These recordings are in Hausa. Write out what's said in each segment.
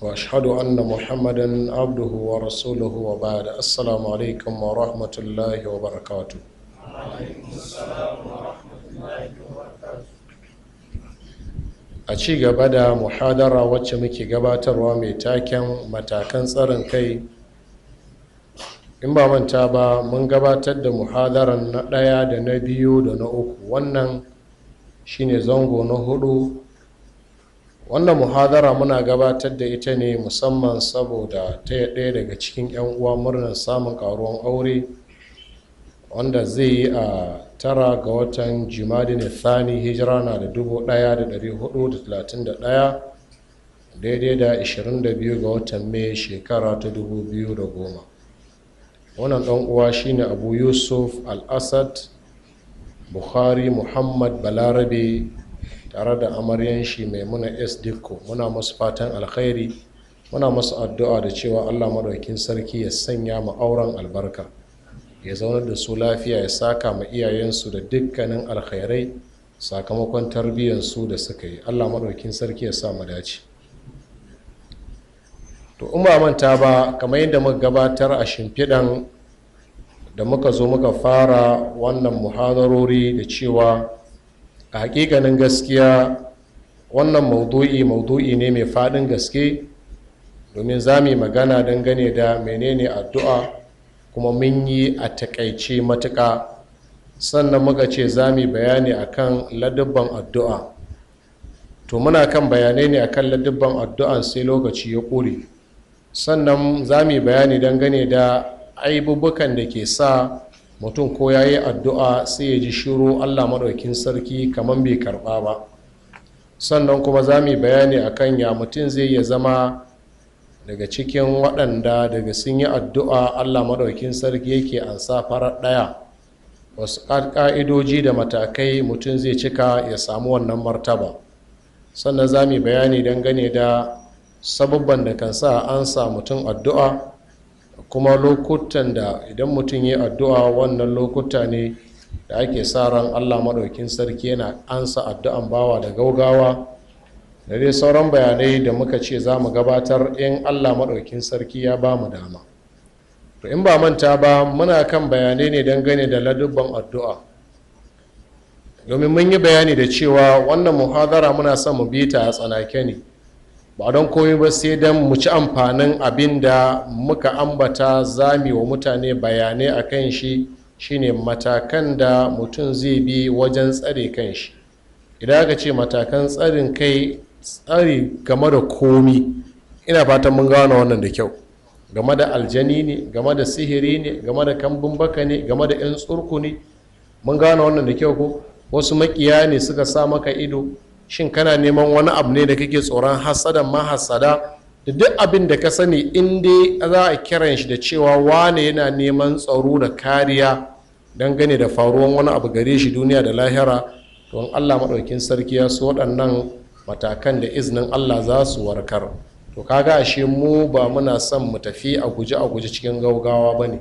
واشهد ان محمدا عبده ورسوله وبعد السلام عليكم ورحمه الله وبركاته a ci gaba da muhadara wacce muke gabatarwa mai taken matakan tsarin kai in ba manta ba mun gabatar da muhadaran na ɗaya da na biyu da na uku wannan shine zango na hudu wannan muhadara muna gabatar da ita ne musamman saboda ta ɗaya daga cikin 'yan uwa murnar samun ƙaruwan aure wanda zai yi a tara ga watan na thani hijira na da 1431 daidai da 22 ga watan mai shekara ta 2010 wannan ɗan uwa shine abu yusuf al-assad buhari muhammad balarabe tare da amaryan shi Muna s dikko muna masu fatan alkhairi muna masu addu'a da cewa allah madaukin sarki ya sanya mu auren albarka ya zaunar da su lafiya ya saka ma iyayensu da dukkanin alkhairai sakamakon tarbiyyarsu da suka yi allah madaukin sarki ya sa mu to in ba manta ba kamar yadda muka gabatar a shimfiɗan da muka zo muka fara wannan muhadarori da cewa a hakikanin gaskiya wannan maudu'i maudu'i ne mai faɗin gaske domin za mu magana dangane da menene addu'a kuma mun yi a takaice matuƙa sannan muka ce za mu bayani a kan ladubban addu'a to muna kan bayanai ne a kan ladubban addu'a sai lokaci ya ƙure sannan za mu bayani dangane da aibubukan da ke sa mutum ko ya yi addu'a sai ya ji shiru allah maɗaukin sarki kamar bai karɓa ba sannan kuma za mu yi bayani a kan ya mutum zai iya zama daga cikin waɗanda daga sun yi addu'a allah maɗaukin sarki yake ansa farar ɗaya wasu ƙa'idoji da matakai mutum zai cika ya samu wannan martaba sannan za mu yi bayani dangane da sababban da kan sa an sa mutum addu'a kuma lokutan da idan mutum ya addu'a wannan lokuta ne da ake sa ran allah maɗaukin sarki yana ansa addu'an bawa da gaugawa da dai sauran bayanai da muka ce za mu gabatar in allah maɗaukin sarki ya ba mu dama to in ba manta ba muna kan bayanai ne don gane da ladubban addu'a domin mun yi bayani da cewa wannan muhadara muna son mu bi ta a tsanake ne ba don komai ba sai don mu ci amfanin abin da muka ambata zami wa mutane bayanai a kan shi shine matakan da mutum zai bi wajen tsare kan shi idan aka ce matakan tsarin kai tsari game da komi ina fatan mun gano wannan da kyau game da aljani ne game da sihiri ne game da kambun baka ne game da 'yan tsurku ne mun gano wannan da kyau ko wasu makiya ne suka sa maka ido shin kana neman wani abu ne da kake tsoron hassada ma hasada da duk abin da ka sani in dai za a kiran shi da cewa wane yana neman tsaro da kariya don gane da faruwan wani abu gare shi duniya da lahira don allah maɗaukin sarki ya su waɗannan matakan da iznin allah za su warkar to kaga ashe mu ba muna son mu tafi a guje a guje cikin gaugawa ba ne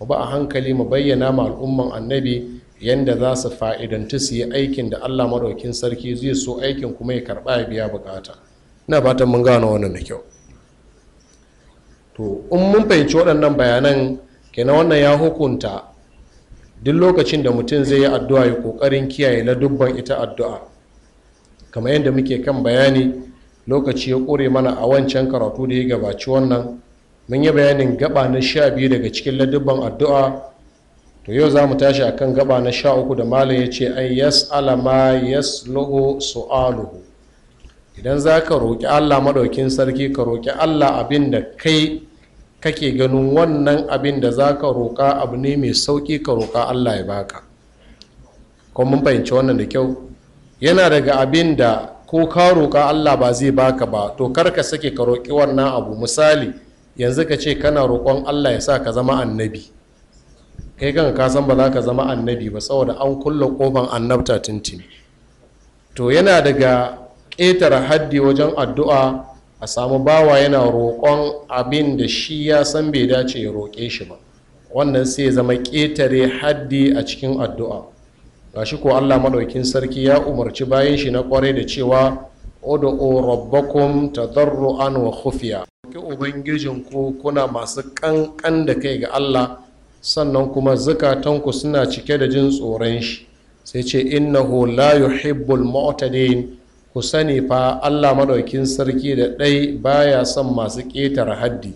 mu ba a hankali mu bayyana ma al'umman annabi Yadda za su fa’idanta su yi aikin da allah maɗaukin sarki zai so aikin kuma ya karɓa ya biya bukata ina fatan mun gano wannan da kyau to in mun fahimci waɗannan bayanan kenan wannan ya hukunta duk lokacin da mutum zai yi addu'a ya ƙoƙarin kiyaye na dubban ita addu'a kamar yadda muke kan bayani lokaci ya ƙure mana a wancan karatu da ya gabaci wannan mun yi bayanin gaba na sha biyu daga cikin ladubban addu'a to yau za mu tashi a kan gaba na sha uku da malam ya ce an yas'ala ma su su'aluhu idan za ka roƙi allah maɗaukin sarki ka roƙi allah abin da kai kake ganin wannan abin da za ka roƙa abu ne mai sauƙi ka roƙa allah ya baka ko mun fahimci wannan da kyau yana daga abin da ko ka roƙa allah ba zai baka ba to kar ka sake ka roƙi wannan abu misali yanzu ka ce kana roƙon allah ya sa ka zama annabi kai kan ka san ba za ka zama annabi ba saboda an kulle kofan annabta tintin to yana daga ƙetare haddi wajen addu'a a samu bawa yana roƙon abin da shi ya san bai dace ya roƙe shi ba wannan sai ya zama ƙetare haddi a cikin addu'a gashi ko allah maɗaukin sarki ya umarci bayan shi na kwarai da cewa odo'o rabbakum tadarru'an wa khufiya ki ku, kuna masu ƙanƙan da kai ga allah sannan kuma zukatanku suna cike da jin tsoron shi sai ce innahu la yuhibbul mu'tadin ku sani fa Allah madaukin sarki da ɗai baya son masu ƙetare haddi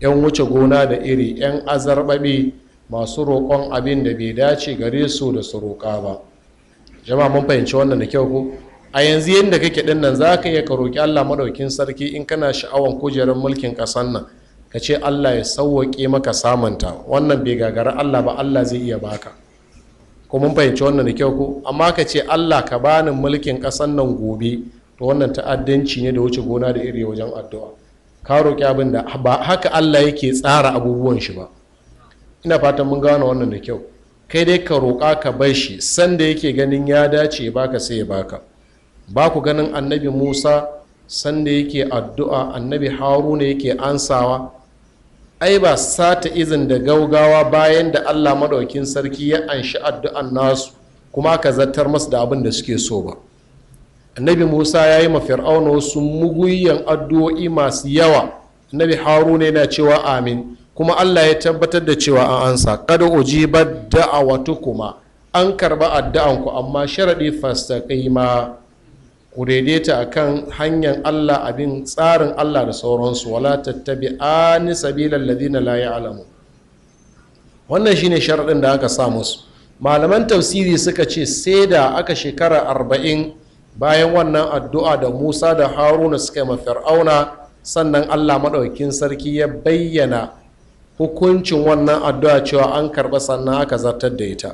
yan wuce gona da iri yan azarbaɓe masu roƙon abin da bai dace gare su da su roƙa ba jama'a mun fahimci wannan da kyau ko a yanzu yadda kake ɗin nan za ka iya ka roƙi Allah madaukin sarki in kana sha'awan kujerar mulkin ƙasar nan ka ce allah ya sauwaƙe maka samunta wannan bai gagara allah ba allah zai iya baka ko fahimci wannan da kyau ko amma ka ce allah ka bani mulkin ƙasan nan gobe to wannan ta'addanci ne da wuce gona da iri wajen addu'a ka roƙi abin da ba haka allah yake tsara abubuwan shi ba ina fatan mun gane wannan da kyau kai dai ka roƙa ka bar shi sanda yake ganin ya dace baka sai ya baka ba ku ganin annabi musa sanda yake addu'a annabi haruna yake ansawa ai ba sata izin da gaugawa bayan da allah maɗaukin sarki ya anshi addu'an nasu kuma aka zartar masu da abin da suke so ba annabi musa ya yi fir'auna wasu muguyan addu'o'i masu yawa annabi ne na cewa amin kuma allah ya tabbatar da cewa an ansa kada uji da'awatu kuma an karba addu'anku amma sharaɗi fasta ma ku daidaita kan hanyar Allah abin tsarin Allah da sauransu wala tattabi an sabilal ladina la ya'lamu wannan shine sharadin da aka sa musu malaman tafsiri suka ce sai da aka shekara arba'in bayan wannan addu'a da Musa da Haruna suka yi ma fir'auna sannan Allah maɗaukin sarki ya bayyana hukuncin wannan addu'a cewa an karɓa sannan aka zartar da ita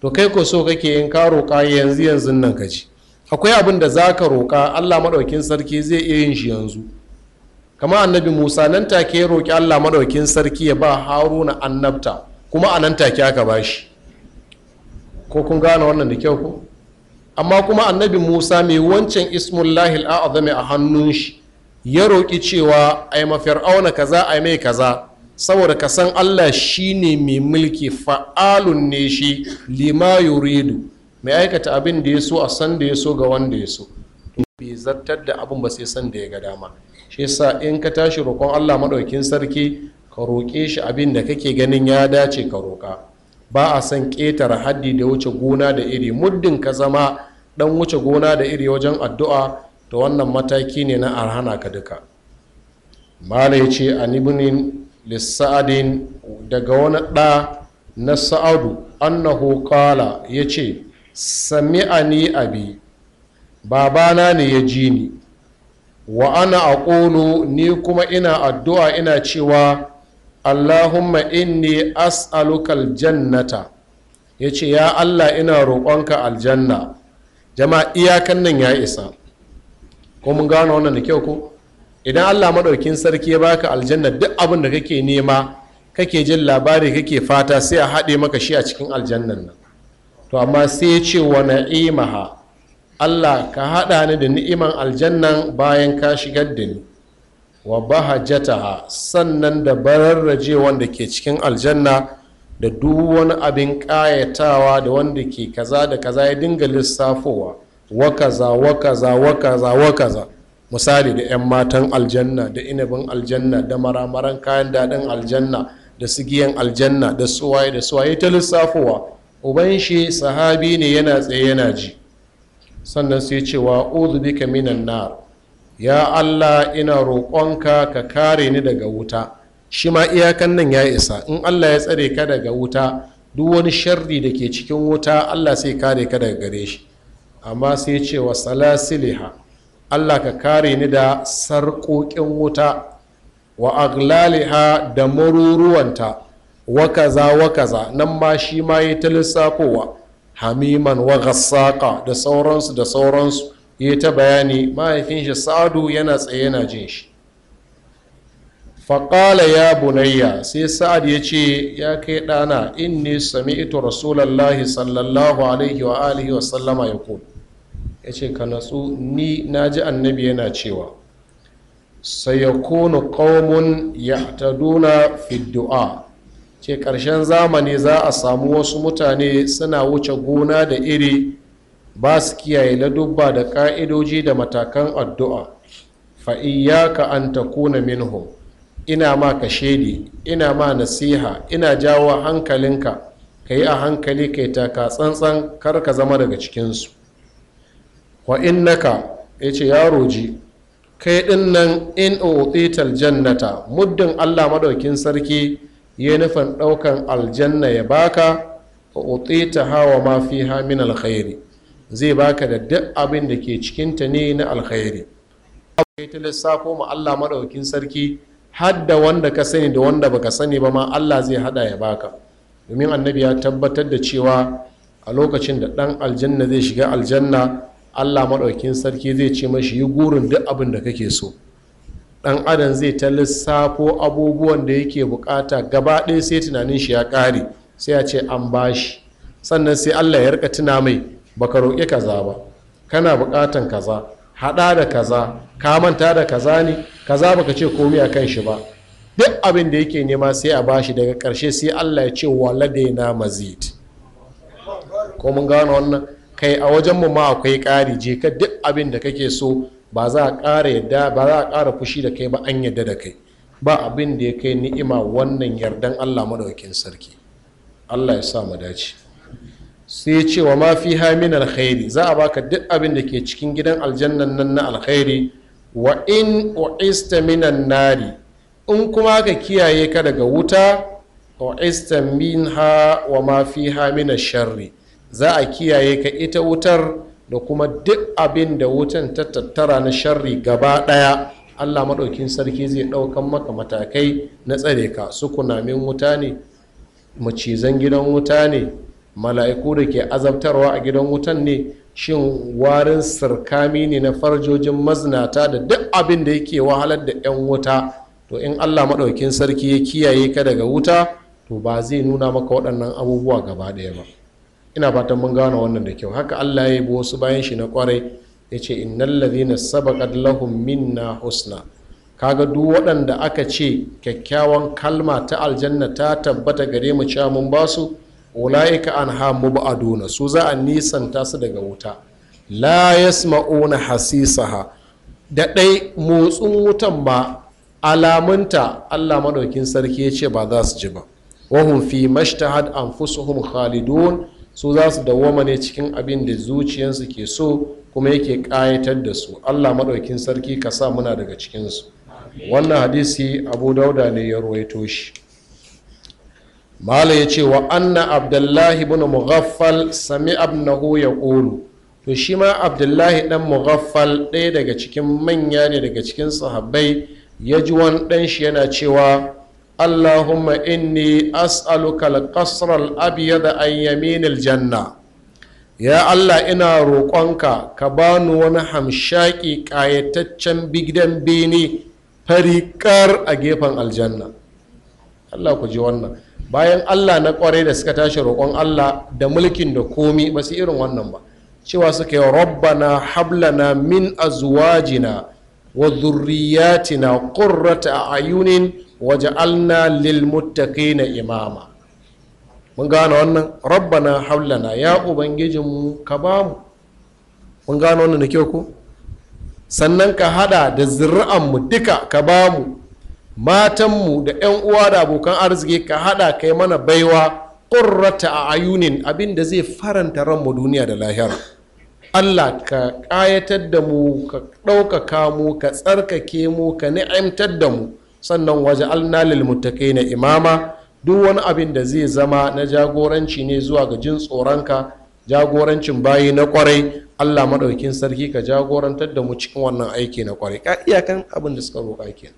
to kai ko so kake yin karo kai yanzu yanzu nan ka ji akwai abin da za ka roƙa allah maɗaukin sarki zai iya yin shi yanzu kama annabi musa nan take ya roƙi allah maɗaukin sarki ya ba haruna annabta kuma a nan take aka ba shi ko kun gane wannan da kyau ko amma kuma annabi musa mai wancan ismullahi al'azami a hannun shi ya roƙi cewa a yi mafir'auna kaza a yi mai kaza saboda ka san allah shine mai mulki fa'alun ne shi lima yuridu mai aikata abin da ya so a san da ya so ga wanda ya so to bai zartar da abin ba sai san da ya ga dama shi yasa in ka tashi roƙon Allah maɗaukin sarki ka roƙe shi abin da kake ganin ya dace ka roƙa ba a san ƙetare haddi da wuce gona da iri muddin ka zama ɗan wuce gona da iri wajen addu'a to wannan mataki ne na arhana ka duka mala ya ce a nibinin lissa'adin daga wani ɗa na sa'adu annahu kala ya ce ni abi babana ne ya ji ni wa ana aqulu ni kuma ina addu'a ina cewa allahumma inni asalukal jannata, ya ce ya allah ina roƙonka aljanna jama'a iyakan nan ya isa ko mun gano wannan da kyau ko idan allah maɗaukin sarki ya baka aljanna duk abin da kake nema kake jin labari kake fata sai a haɗe maka shi a cikin aljannan nan to amma sai ya ce wa na'imaha allah ka haɗa ni da ni'iman aljannan bayan ka shigar da ni wa bahajataha sannan da bararraje wanda ke cikin aljanna da duk wani abin ƙayatawa da wanda ke kaza da kaza ya dinga lissafowa wa kaza wa kaza wa kaza wa kaza misali da 'yan matan aljanna da inabin aljanna da maramaran kayan daɗin aljanna da sigiyan aljanna da suwaye da suwaye ta lissafowa uban shi sahabi ne yana tsaye yana ji sannan sai cewa, wa bika minan nar ya allah ina roƙonka ka kare ni daga wuta shi ma iyakan nan ya isa in allah ya tsare ka daga wuta duk wani sharri da ke cikin wuta allah sai kare ka daga gare shi amma sai cewa salasiliha allah ka kare ni da sarƙoƙin wuta wa aglaliha da maruruwanta wakaza-wakaza wa kaza nan ma shi ma ya ta lissafowa hamiman wa gassaka da sauransu da sauransu ya ta bayani mahaifin shi sa'adu yana tsaye yana jin shi faƙala ya bunayya sai sa'ad ya ce ya kai ɗana inni sami'tu rasulallahi sallallahu alaihi wa alihi wa sallama ya kun ya ce ka natsu ni na ji annabi yana cewa ya ya duna fi du'a ce ƙarshen zamani za a samu wasu mutane suna wuce gona da iri ba su kiyaye ladubba da ƙa'idoji da matakan addu'a ka an kuna minhu. ina ma ka shaidi ina ma nasiha ina jawo hankalinka ka yi a hankali ka taka tsantsan kar ka zama daga cikinsu wa innaka ya ce yaro ji kai ɗin nan in otital jannata muddin allah maɗaukin sarki yi nufin ɗaukan aljanna ya baka a utsita hawa ma fi alkhairi zai baka da duk abin da ke cikinta ne na alkhairi kai ta lissafo ma allah maɗaukin sarki hadda wanda ka sani da wanda baka sani ba ma allah zai hada ya baka domin annabi ya tabbatar da cewa a lokacin da ɗan aljanna zai shiga aljanna allah maɗaukin sarki zai ce mashi yi gurin duk abin da kake so Ɗan adam zai ta lissafo abubuwan da yake bukata gaba ɗaya sai tunanin shi ya ƙare sai ya ce an bashi sannan sai allah ya rika tuna mai baka roƙi kaza ba kana bukatan kaza haɗa da kaza ka manta da kaza ne kaza baka ce komai a kan shi ba duk abin da yake nema sai a bashi daga ƙarshe sai allah ya ce na mazid ko mun gano wannan kai a wajenmu ma akwai ƙari je ka duk abin da kake so ba za a ƙara yadda ba za a ƙara fushi da kai ba an yadda da kai ba abin da ya kai ni'ima wannan yardan Allah madaukakin sarki Allah ya sa mu dace sai ce wa ma fi min alkhairi za a baka duk abin da ke cikin gidan aljannan nan na alkhairi wa in u'ista minan nari in kuma ka kiyaye ka daga wuta u'ista ha wa ma fi min sharri za a kiyaye ka ita wutar da kuma duk abin da wutan ta tattara na sharri gaba ɗaya allah maɗaukin sarki zai ɗaukan maka matakai na tsare ka su sukunamin wuta ne macizan gidan wuta ne mala'iku da ke azabtarwa a gidan wutan ne shin warin sirkami ne na farjojin mazinata da duk abin da yake wahalar da 'yan wuta to in allah maɗaukin sarki ya kiyaye ka daga wuta to ba zai nuna maka waɗannan abubuwa gaba ɗaya ba ina fatan mun gane wannan da kyau haka allah ya yi wasu bayan shi na kwarai ya ce innal ladhina sabaqat lahum minna husna kaga duk waɗanda aka ce kyakkyawan kalma ta aljanna ta tabbata gare mu cewa mun ba su ulaika ba Aduna su za a nisanta su daga wuta la yasma'una hasisaha da ɗai motsin wutan ba alamunta allah maɗaukin sarki ya ce ba za su ji ba wahum fi mashtahad anfusuhum khalidun su za su dawwama ne cikin abin da zuciyarsu ke so kuma yake ƙayatar da su allah maɗaukin sarki ka sa muna daga cikinsu wannan hadisi abu dauda ne ya ruwaito shi Malam ya ce wa anna abdullahi ibn mughaffal sami abnahu ya ƙolu to shi ma abdullahi ɗan mughaffal ɗaya daga cikin manya ne daga cikin sahabbai ya ji wani ɗan shi yana cewa اللهم إني أسألك القصر الأبيض عن يمين الجنة يا الله إنا روقانك كبان ونحم شاكي كايتتشن بجدن بيني فريكار أجيبان الجنة الله كجوانا bayan Allah na ƙwarai da suka tashi roƙon Allah da mulkin da komi ba su irin wannan ba cewa suka yi rabbana hablana min azwajina wa zurriyatina qurrata a'yunin waj'alna lil na imama mun gane wannan rabbana haulana ya ubangijinmu ka bamu mun gane wannan da kyau ko sannan ka hada da zuri'anmu duka ka bamu matanmu da 'yan uwa da abokan arziki ka hada kai mana baiwa ƙurrata a ayunin abin da zai faranta ranmu duniya da lahira allah ka ƙayatar da mu ka ɗaukaka mu ka tsarkake mu ka ni'imtar da mu sannan waje alnalil mutake na imama duk wani abin da zai zama na jagoranci ne zuwa ga jin tsoronka jagorancin bayi na kwarai allah maɗaukin sarki ka jagorantar da mu cikin wannan aiki na kwarai ka iyakan abin da suka roƙa ke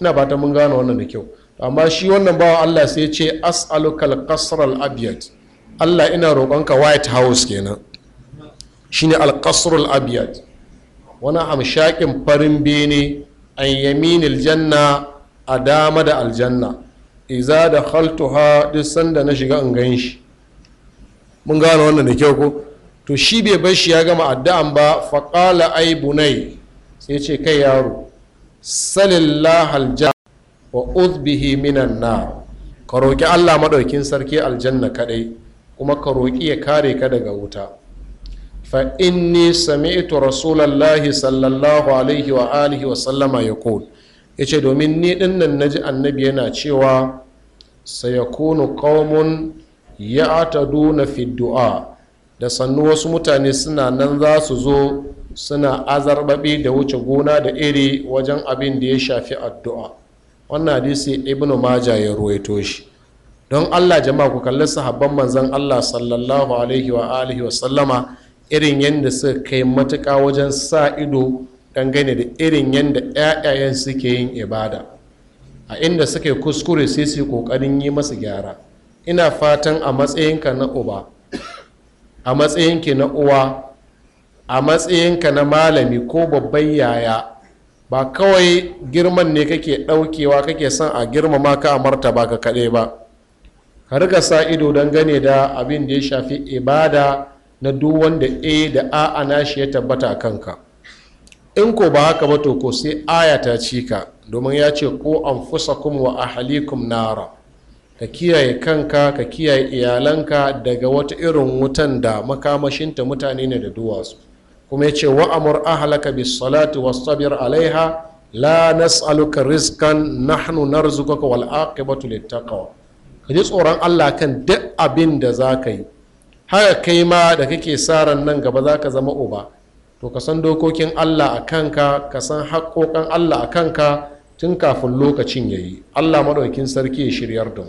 ina ba ta mun gane wannan da kyau amma shi wannan bawa allah sai ce as'alukal kasral abiyat allah ina roƙonka white house kenan shine al kasral abiyat wani amshakin farin bene an yaminil Aljanna a dama da aljanna iza da haltuha duk sanda na shiga in gan shi mun gano wannan da kyau ko to shi bai bar shi ya gama addu'an ba faƙala ai bunai sai ce kai yaro salillah aljanna wa uzbihi minan na ka roƙi allah maɗaukin sarki aljanna kaɗai kuma ka roƙi ya kare ka daga wuta fa inni sami'tu rasulallahi sallallahu alaihi wa alihi wa sallama ya yace domin ni din nan ji annabi yana cewa sayakunu qaumun fi du'a da sannu wasu mutane suna nan za su zo suna azarbabi da wuce gona da iri wajen abin da ya shafi addu'a wannan hadisi ibnu maja ya ruwaito shi don allah jama'a ku kalli sahabban manzon allah sallallahu alaihi wa alihi wa sallama irin yadda suka kai matuka wajen sa ido dangane da irin yadda 'ya'yayen suke yin ibada a inda suke kuskure sai su ƙoƙarin yi masu gyara ina fatan a matsayinka na uba a matsayinki na uwa a matsayinka na malami ko babban yaya ba kawai girman ne kake ɗaukewa kake son a girmama ka a martaba ka kaɗai ba ka riga sa ido dangane da abin da ya shafi ibada na duk wanda a da a ana shi ya tabbata a kanka in ko ba haka ba to ko sai aya ta ci ka domin ya ce ko an fusa wa ahalikum nara ka kiyaye kanka ka kiyaye iyalanka daga wata irin wutan da makamashinta mutane ne da duwatsu kuma ya ce wa'amur ahalaka bis salati wastabir alaiha la nas'aluka rizqan nahnu narzuquka wal aqibatu littaqwa ka ji tsoron Allah kan duk abin da za ka yi haka kai ma da kake saran nan gaba za ka zama uba to ka san dokokin allah a kanka ka san haƙoƙan allah a kanka tun kafin lokacin ya yi allah maɗaukin sarki ya shiryar da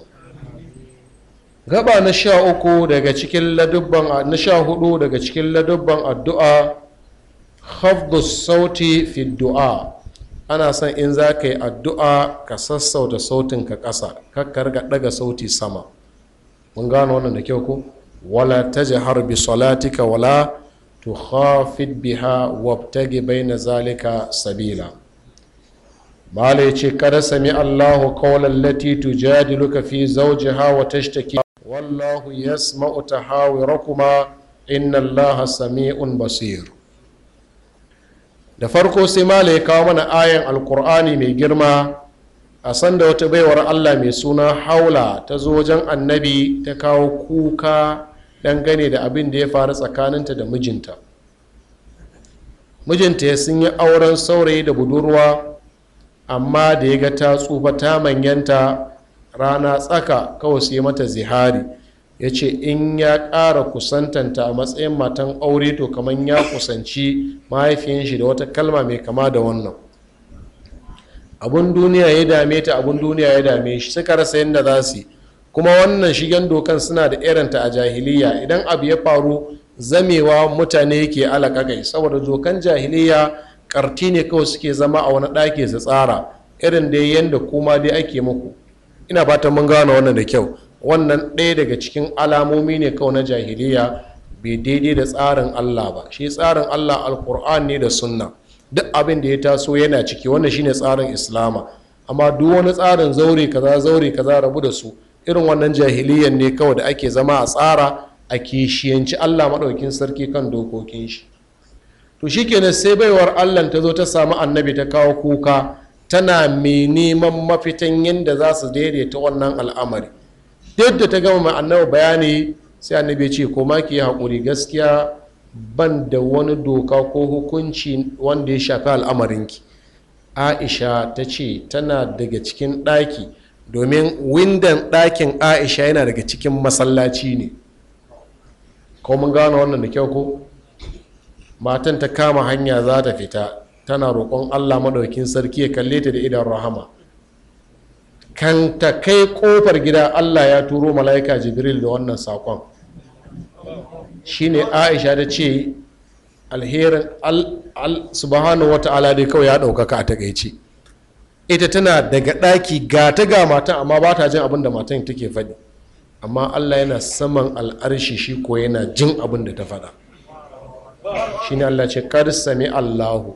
gaba na sha uku daga cikin ladubban na sha hudu daga cikin ladubban addu'a khafdus sauti fi du'a ana son in za ka yi addu'a ka sassauta sautin ka ƙasa kakkar ga ɗaga sauti sama mun gano wannan da kyau ko wala tajhar bi salatika wala tukhafid biha wabtage baina zalika sabila malai ce kada sami allahu qawlan lati tujadiluka fi zawjiha wa tashtaki wallahu yasma'u tahawirakuma inna allaha sami'un basir da farko sai ya kawo mana ayan alkur'ani mai girma a sanda wata baiwar allah mai suna haula ta zo wajen annabi ta kawo kuka dangane da abin da ya faru tsakaninta da mijinta mijinta ya sun yi auren saurayi da budurwa amma da ya ga ta tsufa ta manyanta rana tsaka kawai sai mata zihari ya ce in ya ƙara kusantanta a matsayin matan aure to kamar ya kusanci mahaifiyan shi da wata kalma mai kama da wannan abun duniya ya dame ta abun duniya ya dame shi suka rasa yadda za su yi kuma wannan shigen dokan suna da irinta a jahiliya idan abu ya faru zamewa mutane ke gai saboda dokan jahiliya karti ne kawai suke zama a wani ɗaki su tsara irin da yadda kuma dai ake muku ina fatan mun gane wannan da kyau wannan ɗaya daga cikin alamomi ne kawai na jahiliya bai daidai da tsarin allah ba shi tsarin allah alkur'an ne da sunna duk abin da ya taso yana ciki wannan shine tsarin islama amma duk wani tsarin zaure kaza zaure kaza rabu da su irin wannan jahiliyan ne kawai da ake zama a tsara a kishiyanci allah maɗaukin sarki kan dokokin shi to shikenan sai baiwar allah ta zo ta sami annabi ta kawo kuka tana mai neman mafitan yadda za su daidaita wannan al'amari duk da ta gama mai annabi bayani sai annabi ce ko ma ki haƙuri gaskiya ban da wani doka ko hukunci wanda ya shafi al'amarinki aisha ta ce tana daga cikin ɗaki domin windan ɗakin aisha yana daga cikin masallaci ne ko mun gano wannan da kyau ko matan ta kama hanya za ta fita tana roƙon allah maɗaukin sarki ya kalle ta da idan rahama kan ta kai ƙofar gida allah ya turo mala'ika jibril da wannan saƙon shine aisha ta ce alherin subhanahu wata'ala dai kawai ya ɗaukaka a takaice ita tana daga ɗaki ga ta ga matan amma ba ta jin abin da matan take faɗi amma allah yana saman al'arshi shi ko yana jin abin da ta faɗa shi ne allah ce kar sami allahu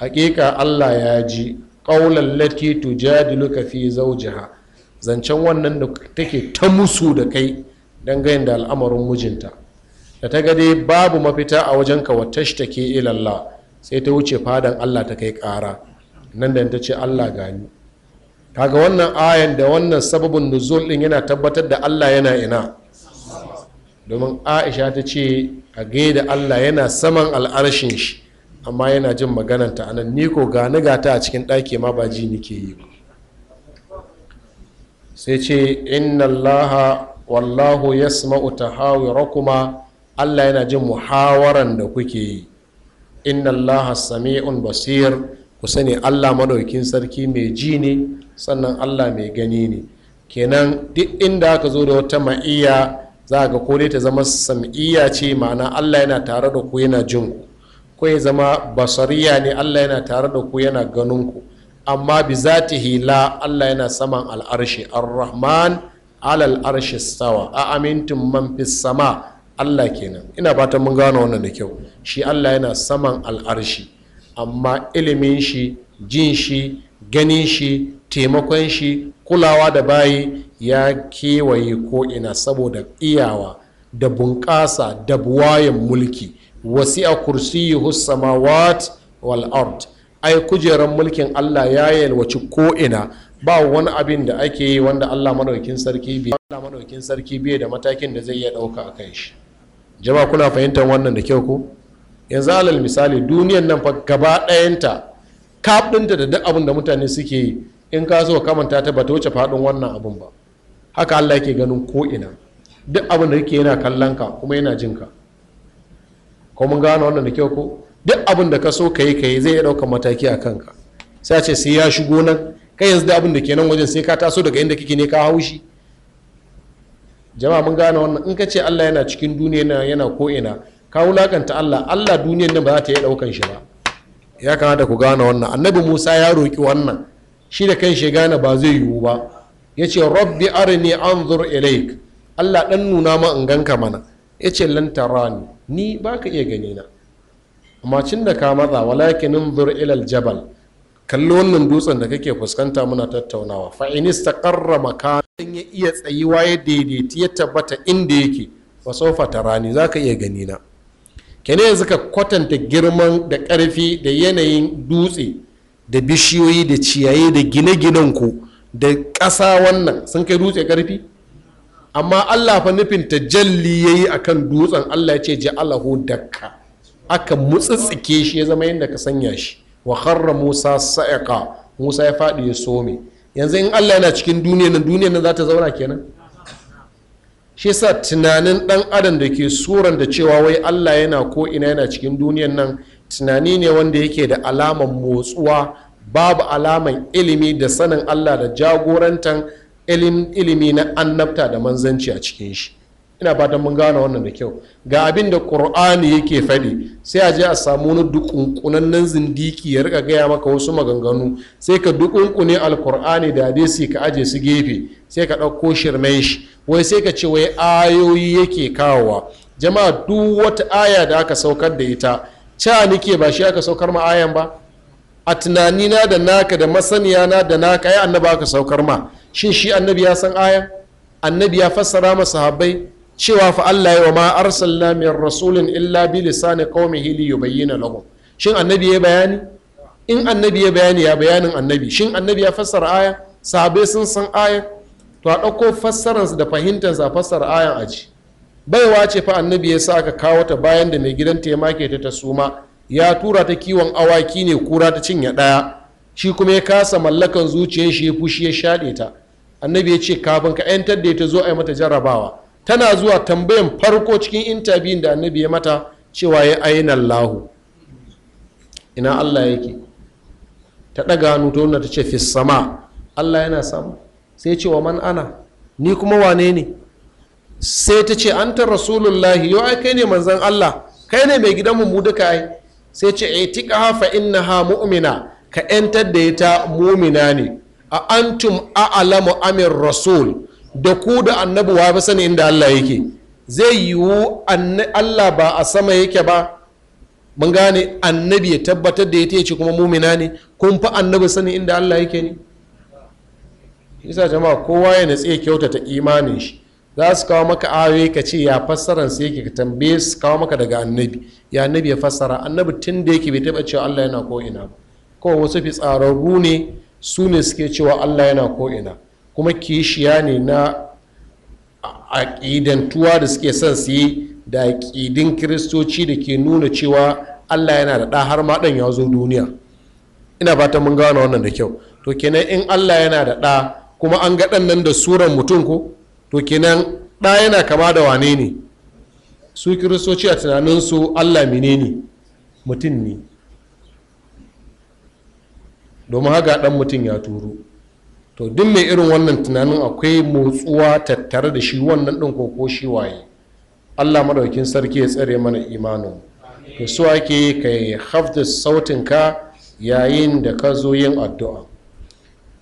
haƙiƙa allah ya ji ƙaunar lati tujadiluka fi zaujiha zancen wannan da take ta musu da kai dangane da al'amarin mijinta da ta gade babu mafita a wajenka wa tashtake ilallah sai ta wuce fadan allah ta kai ƙara nan da ta ce allah gani kaga wannan ayan da wannan sababin nuzul din yana tabbatar da allah yana ina domin aisha ta ce a gaida allah yana saman al'arshin shi amma yana jin magananta anan ni ko gani ta a cikin ɗaki ma ba ji nike yi sai ce inna allaha wallahu yasma'u tahawurakuma allah yana jin muhawaran da kuke yi inna allaha sami'un basir ku sani allah madaukin sarki mai ji ne sannan allah mai gani ne kenan duk inda aka zo da wata ma'iyya za ga ko dai ta zama sam'iyya ce ma'ana allah yana tare da ku yana jin ku ko ya zama basariya ne allah yana tare da ku yana ganin ku amma bi zatihi la allah yana saman al'arshi ar-rahman alal arshi sawa a amintin man sama allah kenan ina fatan mun gano wannan da kyau shi allah yana saman al'arshi amma ilimin shi jin shi ganin shi taimakon shi kulawa da bayi ya kewaye ko'ina saboda iyawa da bunƙasa da buwayen mulki wasi a kursiyi samawat wal ard ai kujerar mulkin allah ya yalwaci ko'ina ba wani abin da ake yi wanda allah madaukin sarki biya da matakin da zai iya ɗauka a kai shi jama'a kuna fahimtar wannan da kyau ko yanzu alal misali duniyan nan fa gaba ɗayanta kaf ɗinta da duk abin da mutane suke yi in ka so manta ta bata wuce faɗin wannan abun ba haka Allah yake ganin ko ina duk abin da yake yana kallon ka kuma yana jin ka ko mun gano wannan da kyau ko duk abin da ka so ka yi ka zai ɗaukar mataki a kanka sai a ce sai ya shigo nan kai yanzu da abin da ke nan wajen sai ka taso daga inda kike ne ka haushi jama'a mun gane wannan in ka ce Allah yana cikin duniya yana, yana ko ina ka wulaƙanta Allah Allah duniyan nan ba za ta yi ɗaukan shi ba ya kamata ku gane wannan annabi Musa ya roki wannan shi da kan shi gane ba zai yiwu ba ya ce rabbi arini anzur ilaik Allah dan nuna ma in ganka mana ya ce lan tarani ni baka iya gani na amma cin da ka matsa walakin anzur ila aljabal kalli wannan dutsen da kake fuskanta muna tattaunawa fa in istaqarra makan ya iya tsayuwa ya daidaiti ya tabbata inda yake fa sofa tarani zaka iya gani na kene yanzu ka kwatanta girman da ƙarfi da yanayin dutse da bishiyoyi da ciyayi da gine-ginen ku da ƙasa wannan sun kai dutse ƙarfi amma allah fa nufin tajalli ya yi akan dutsen allah ya ce ja'alahu dakka aka mutsitsike shi ya zama yadda ka sanya shi wa kharra musa sa'iqa musa ya faɗi ya some yanzu in allah yana cikin duniya nan duniya nan za ta zauna kenan shi sa tunanin dan adam da ke suran da cewa wai allah yana ko ina yana cikin duniyan nan tunani ne wanda yake da alaman motsuwa babu alaman ilimi da sanin allah da jagorantan ilimi na annabta da manzanci a cikin shi ina fatan mun gane wannan da kyau ga abin da ƙur'ani yake faɗi sai a je a samu wani dukunkunannen zindiki ya rika gaya maka wasu maganganu sai ka dukunkune alqur'ani da hadisi ka aje su gefe sai ka ɗauko shirmen shi wai sai ka ce wai ayoyi yake kawowa jama'a duk wata aya da aka saukar da ita ca nike ba shi aka saukar ma ayan ba a tunanina da naka da masaniya na da naka ya annaba aka saukar ma shin shi annabi ya san aya? annabi ya fassara masa sahabbai cewa fa Allah ya wa ma arsalna min rasulin illa bi lisani qaumihi li yubayyana lahum shin annabi ya bayani in annabi ya bayani ya bayanin annabi shin annabi ya fassara aya sahabbai sun san aya to a ɗauko fassararsa da fahimtar sa fassara ayan a ci baiwa ce fa annabi ya sa aka kawo ta bayan da mai ta ya make ta ta suma ya tura ta kiwon awaki ne kura ta cinye ɗaya shi kuma ya kasa mallakan zuciyar shi ya fushi ya shaɗe ta annabi ya ce kafin ka 'yantar da ta zo a yi mata jarrabawa tana zuwa tambayan farko cikin intabi da annabi ya mata cewa ya aina Allahu ina Allah yake ta ɗaga hannu ta wannan ta ce fissama. sama Allah yana sama sai cewa man ana ni kuma wane ne sai ta ce an ta rasulullahi yau ai kai ne manzan Allah kai ne mai gidan mu duka ai sai ce itiqa eh, fa ha mu'mina ka yantar da ita mu'mina ne a antum a'lamu amin rasul da ku da annabi wa fi sani inda Allah yake zai yiwu Allah ba a sama yake ba mun gane annabi ya tabbatar da ya ce kuma mumina ne kun fi annabi sani inda Allah yake ne isa jama'a kowa ya natsi ya kyautata imanin shi za su kawo maka ayoyi ka ce ya fassaran su yake ka tambaye su kawo maka daga annabi ya annabi ya fassara annabi tun da yake bai taba cewa Allah yana ko ina ba kawai wasu fitsararru ne su ne suke cewa Allah yana ko ina kuma kishiya ne na aƙidantuwa da suke son su yi da aƙidin kiristoci da ke nuna cewa allah yana da ɗa har ma ɗan ya zo duniya ina ta mun gano wannan da kyau to kenan in allah yana da ɗa kuma an ga ɗan nan da suran mutum ko to kenan ɗa yana kama da wane ne su kiristoci a tunaninsu allah ne mutum ne domin haka ɗan mutum ya turo to duk mai irin wannan tunanin akwai motsuwa tattare da shi wannan ɗin koko shi waye allah maɗaukin sarki ya tsare mana imanu to so ake ka yi hafta sautinka yayin da ka zo yin addu'a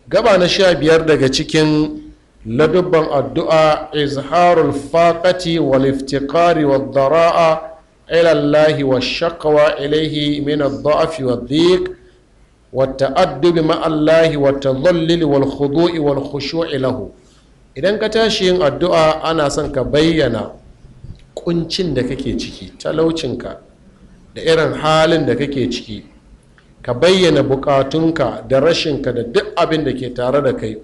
gaba na sha biyar daga cikin ladubban addu'a izharul faƙati wal iftiqari wad dara'a ilallahi wa shakawa ilaihi min ad wa dhiq والتأدب مع الله والتضلل والخضوع والخشوع له idan ka tashi yin addu'a ana son ka bayyana ƙuncin da kake ciki talaucinka da irin halin da kake ciki ka bayyana bukatunka da rashinka da duk abin da ke tare da kai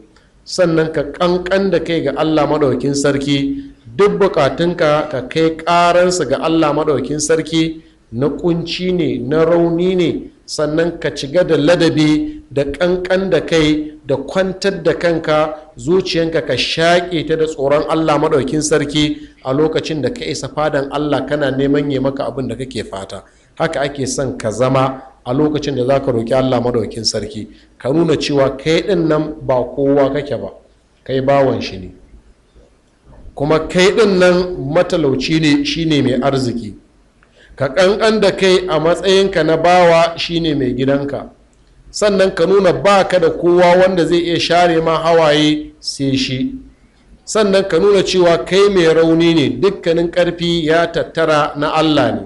sannan ka kankan da kai ga allah maɗaukin sarki duk bukatunka ka kai ƙaransa ga allah maɗaukin sarki na ƙunci ne na rauni ne sannan ka ci da ladabi da ƙanƙan da kai da kwantar da kanka zuciyanka ka shaƙe ta da tsoron allah maɗaukin sarki a lokacin da ka isa fadan allah kana neman yi maka abin da kake fata haka ake son ka zama a lokacin da za ka roƙi allah maɗaukin sarki ka nuna cewa kai ɗin nan ba kowa kake ba kai bawan shi ne kuma kai ɗin nan matalauci ne shine mai arziki ka ƙanƙan da kai a matsayinka na bawa shine mai gidanka sannan ka nuna ba ka da kowa wanda zai iya share ma hawaye sai shi sannan ka nuna cewa kai mai rauni ne dukkanin ƙarfi ya tattara na allah ne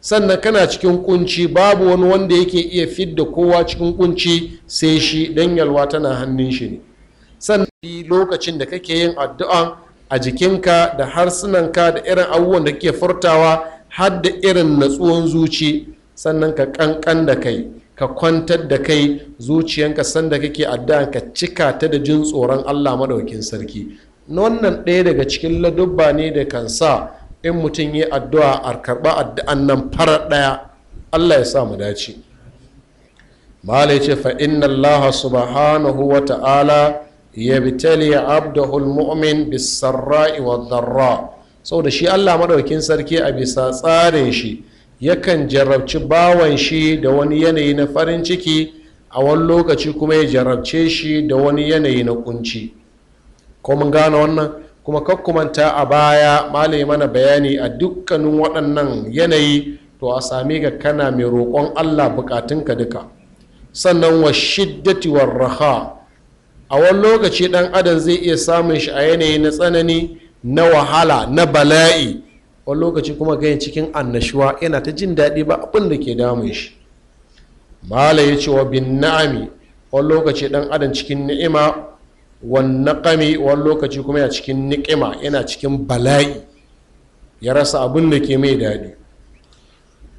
sannan kana cikin kunci babu wani wanda yake iya fidda kowa cikin kunci sai shi don yalwa tana hannun shi ne sannan lokacin da kake yin addu'a a jikinka da harsunanka da irin abubuwan da ke furtawa Hadda irin natsuwan zuci sannan ka kankan da kai ka kwantar da kai zuciyanka sanda kake addu'a ka cika ta da jin tsoron Allah madaukin sarki Na wannan ɗaya daga cikin ladubba ne da kan sa in mutum yi addu'a a karɓa addu'an nan farar ɗaya Allah ya sa mu dace mala ce fa inna Allah subhanahu wa ta'ala ya bitali abdahul mu'min bis sarra'i wa dharra' saboda shi allah maɗaukin sarki a bisa tsarin shi yakan jarrabci bawan shi da wani yanayi na farin ciki a wani lokaci kuma ya jarrabce shi da wani yanayi na kunci ko mun gane wannan kuma kakkumanta a baya malami mana bayani a dukkanin waɗannan yanayi to a sami ga kana mai roƙon allah bukatunka duka sannan wa shiddati raha a wani lokaci ɗan adam zai iya samun shi a yanayi na tsanani na wahala na bala'i wani lokaci kuma ganin cikin annashuwa yana ta jin daɗi ba abin da ke damun shi mala ya ce wa bin na'ami wani lokaci ɗan adam cikin ni'ima wani naƙami wani lokaci kuma ya cikin ni'ima yana cikin bala'i ya rasa abin da ke mai daɗi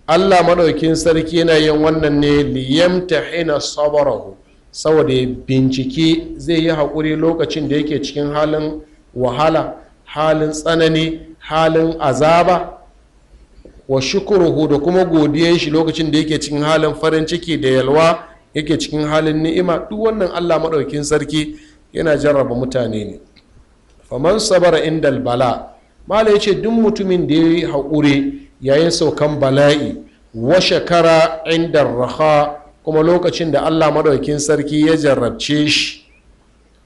allah maɗaukin sarki yana yin wannan ne liyamta hina sabarahu saboda bincike zai yi haƙuri lokacin da yake cikin halin wahala halin tsanani halin azaba wa shukuruhu da kuma godiyan shi lokacin da yake cikin halin farin ciki da yalwa yake cikin halin ni'ima duk wannan allah maɗaukin sarki yana jarraba mutane ne faman sabara indal bala mala ya ce duk mutumin da ya yi haƙure yayin saukan bala'i wa shakara indar raha kuma lokacin da allah maɗaukin sarki ya jarrabce shi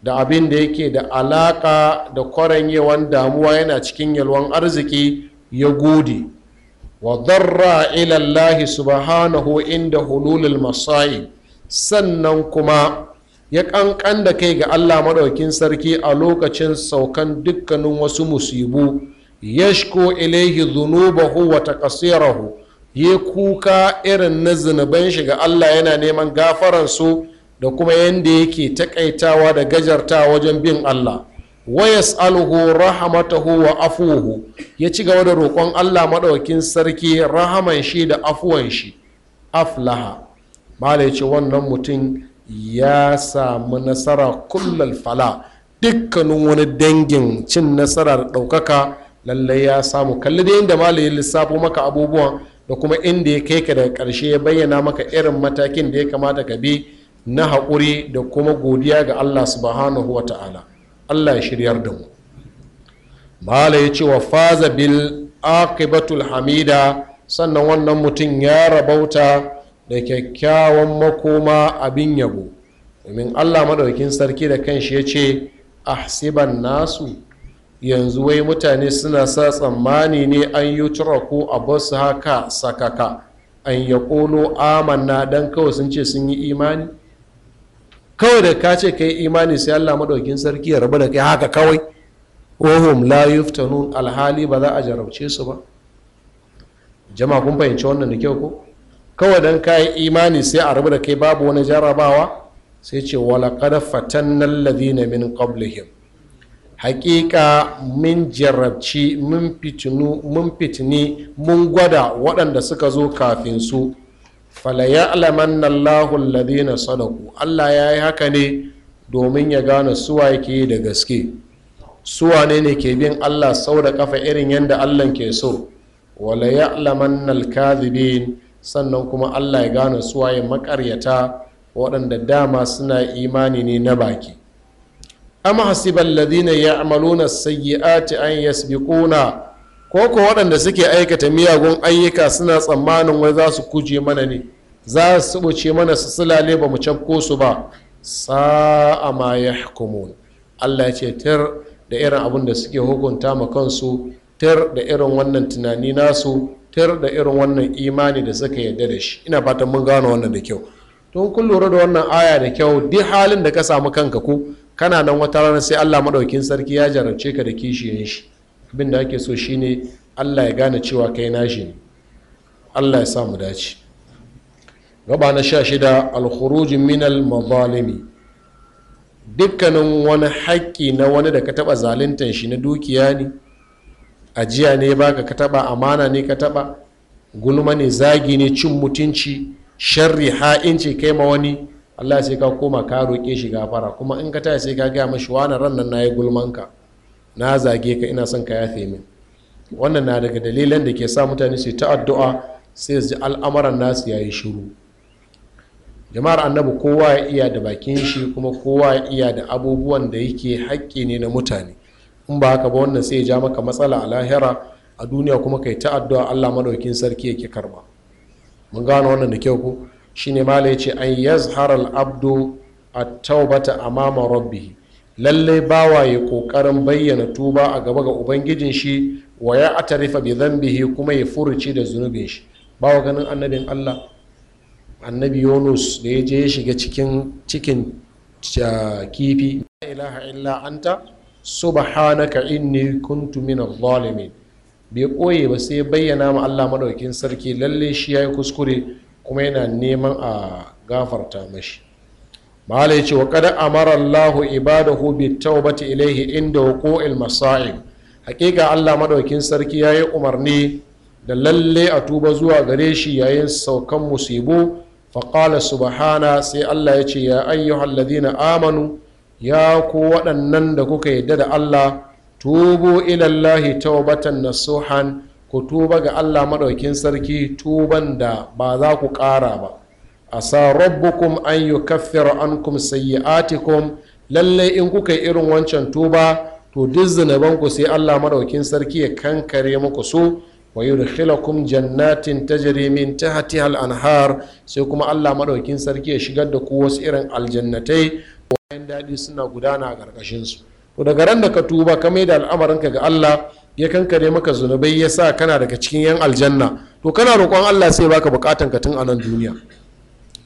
da abin da yake da alaka da yawan damuwa yana cikin yalwan arziki ya gode wa zarra ilallahi subhanahu inda hululul masai sannan kuma ya kankan da kai ga allah maɗaukin sarki a lokacin saukan dukkanin wasu musibu yashko ilaihi zunubahu wa taqsirahu ya kuka irin na zunuban shi ga allah yana neman gafaransu da kuma yadda yake takaitawa da gajarta wajen bin Allah wayas alhu rahamatahu wa afuhu ya ci gaba da roƙon Allah maɗaukin sarki rahaman shi da afuwan shi aflaha malai ce wannan mutum ya samu nasara kullal fala dukkanin wani dangin cin nasarar ɗaukaka lallai ya samu kalli da inda malai lissafo maka abubuwan da kuma inda ya kai ka daga ƙarshe ya bayyana maka irin matakin da ya kamata ka bi na haƙuri da kuma godiya ga allah subhanahu wa ta'ala allah ya shiryar da mu mala ya ce wa faza bil aqibatul hamida sannan wannan mutum ya rabauta da kyakkyawan makoma abin yabo domin allah madaukin sarki da kanshi ya ce ahsiban nasu yanzu wai mutane suna sa tsammani ne an yi turako a basu haka sakaka an ya ƙolo amanna don kawai sun ce sun yi imani kawai da ka ce ka yi imani sai Allah madaukin sarki ya rabu da kai haka kawai wahum la yuftanun alhali ba za a jarabce su ba jama'a kun fahimci wannan da kyau ko kawai dan ka yi imani sai a rabu da kai babu wani jarabawa sai ce wala walaqad fatanna alladhina min qablihim haƙiƙa min jarabci mun fitinu mun fitini mun gwada waɗanda suka zo kafin su falaya alamanna allahu sadaku allah ya yi haka ne domin ya gane suwa yake da gaske suwa ne ne ke bin allah sau da kafa irin yadda allah ke so wala ya alamanna alkazibin sannan kuma allah ya gane suwa ya makaryata waɗanda dama suna imani ne na baki amma hasiban ladina ya amaluna ti an Kuna. ko ko waɗanda suke aikata miyagun ayyuka suna tsammanin wai za su kuje mana ne za su wuce mana su sulale ba mu cafko su ba sa'a ma ya hukumun allah ce tir da irin abin da suke hukunta ma kansu tir da irin wannan tunani nasu tir da irin wannan imani da suka yarda da shi ina fatan mun gano wannan da kyau tun kun lura da wannan aya da kyau duk halin da ka samu kanka ku kana nan wata rana sai allah maɗaukin sarki ya jarabce ka da kishiyan shi abin da ake so shine allah ya gane cewa kai nashi ne allah ya samu dace gaba na sha shida alkhuruji minal mazalimi dukkanin wani haƙƙi na wani da ka taɓa zaluntan shi na dukiya ne ajiya ne baka ka taɓa amana ne ka taɓa gulma ne zagi ne cin mutunci sharri ha'inci kai ma wani allah sai ka koma ka roƙe shi gafara kuma in ka taya sai ka gaya mashi wani ran nan na yi gulmanka na zage ka ina son ka yafe min wannan na daga dalilan da ke sa mutane su ta addu'a sai su ji al'amuran nasu yayi shiru jama'ar annabi kowa ya iya da bakin shi kuma kowa ya iya da abubuwan da yake haƙƙi ne na mutane in ba haka ba wannan sai ya ja maka matsala a lahira a duniya kuma kai ta addu'a Allah madaukin sarki yake karba mun gano wannan da kyau ko shine mala ce an yazhar al abdu at-taubata amama rabbihi lallai bawa ya kokarin bayyana tuba a gaba ga ubangijin shi wa ya atarifa bi zambihi kuma ya furuci da zunubin shi bawa ganin annabin Allah annabi Yunus da ya je ya shiga cikin cikin ah, kifi la ilaha illa anta subhanaka inni kuntu min adh bai koye ba sai bayyana ma Allah madaukin sarki Lallai shi ya yi kuskure kuma yana neman a gafarta mashi mahala yace wa kada amara Allahu ibadahu bit tawbati ilayhi inda wuqu'il masa'ib hakika Allah madaukin sarki yayi umarni da lalle a tuba zuwa gare shi yayin saukan musibu faƙala subhana sai Allah ya ce ya ayyuhal ladina amanu ya ku waɗannan da kuka yadda da Allah tubu ilallahi taubatan nasuhan ku tuba ga Allah maɗaukin sarki tuban da ba za ku ƙara ba asa rabbukum an yukaffira ankum sayyi'atikum lallai in kuka yi irin wancan tuba to duk zinabanku sai Allah madaukin sarki ya kankare muku su wa yudkhilakum jannatin ta min tahtiha al-anhar sai kuma Allah madaukin sarki ya shigar da ku wasu irin aljannatai wayan daɗi suna gudana a karkashin su to daga ran da ka tuba ka mai da al'amarin ka ga Allah ya kankare maka zunubai ya sa kana daga cikin yan aljanna to kana roƙon Allah sai baka bukatan ka tun a nan duniya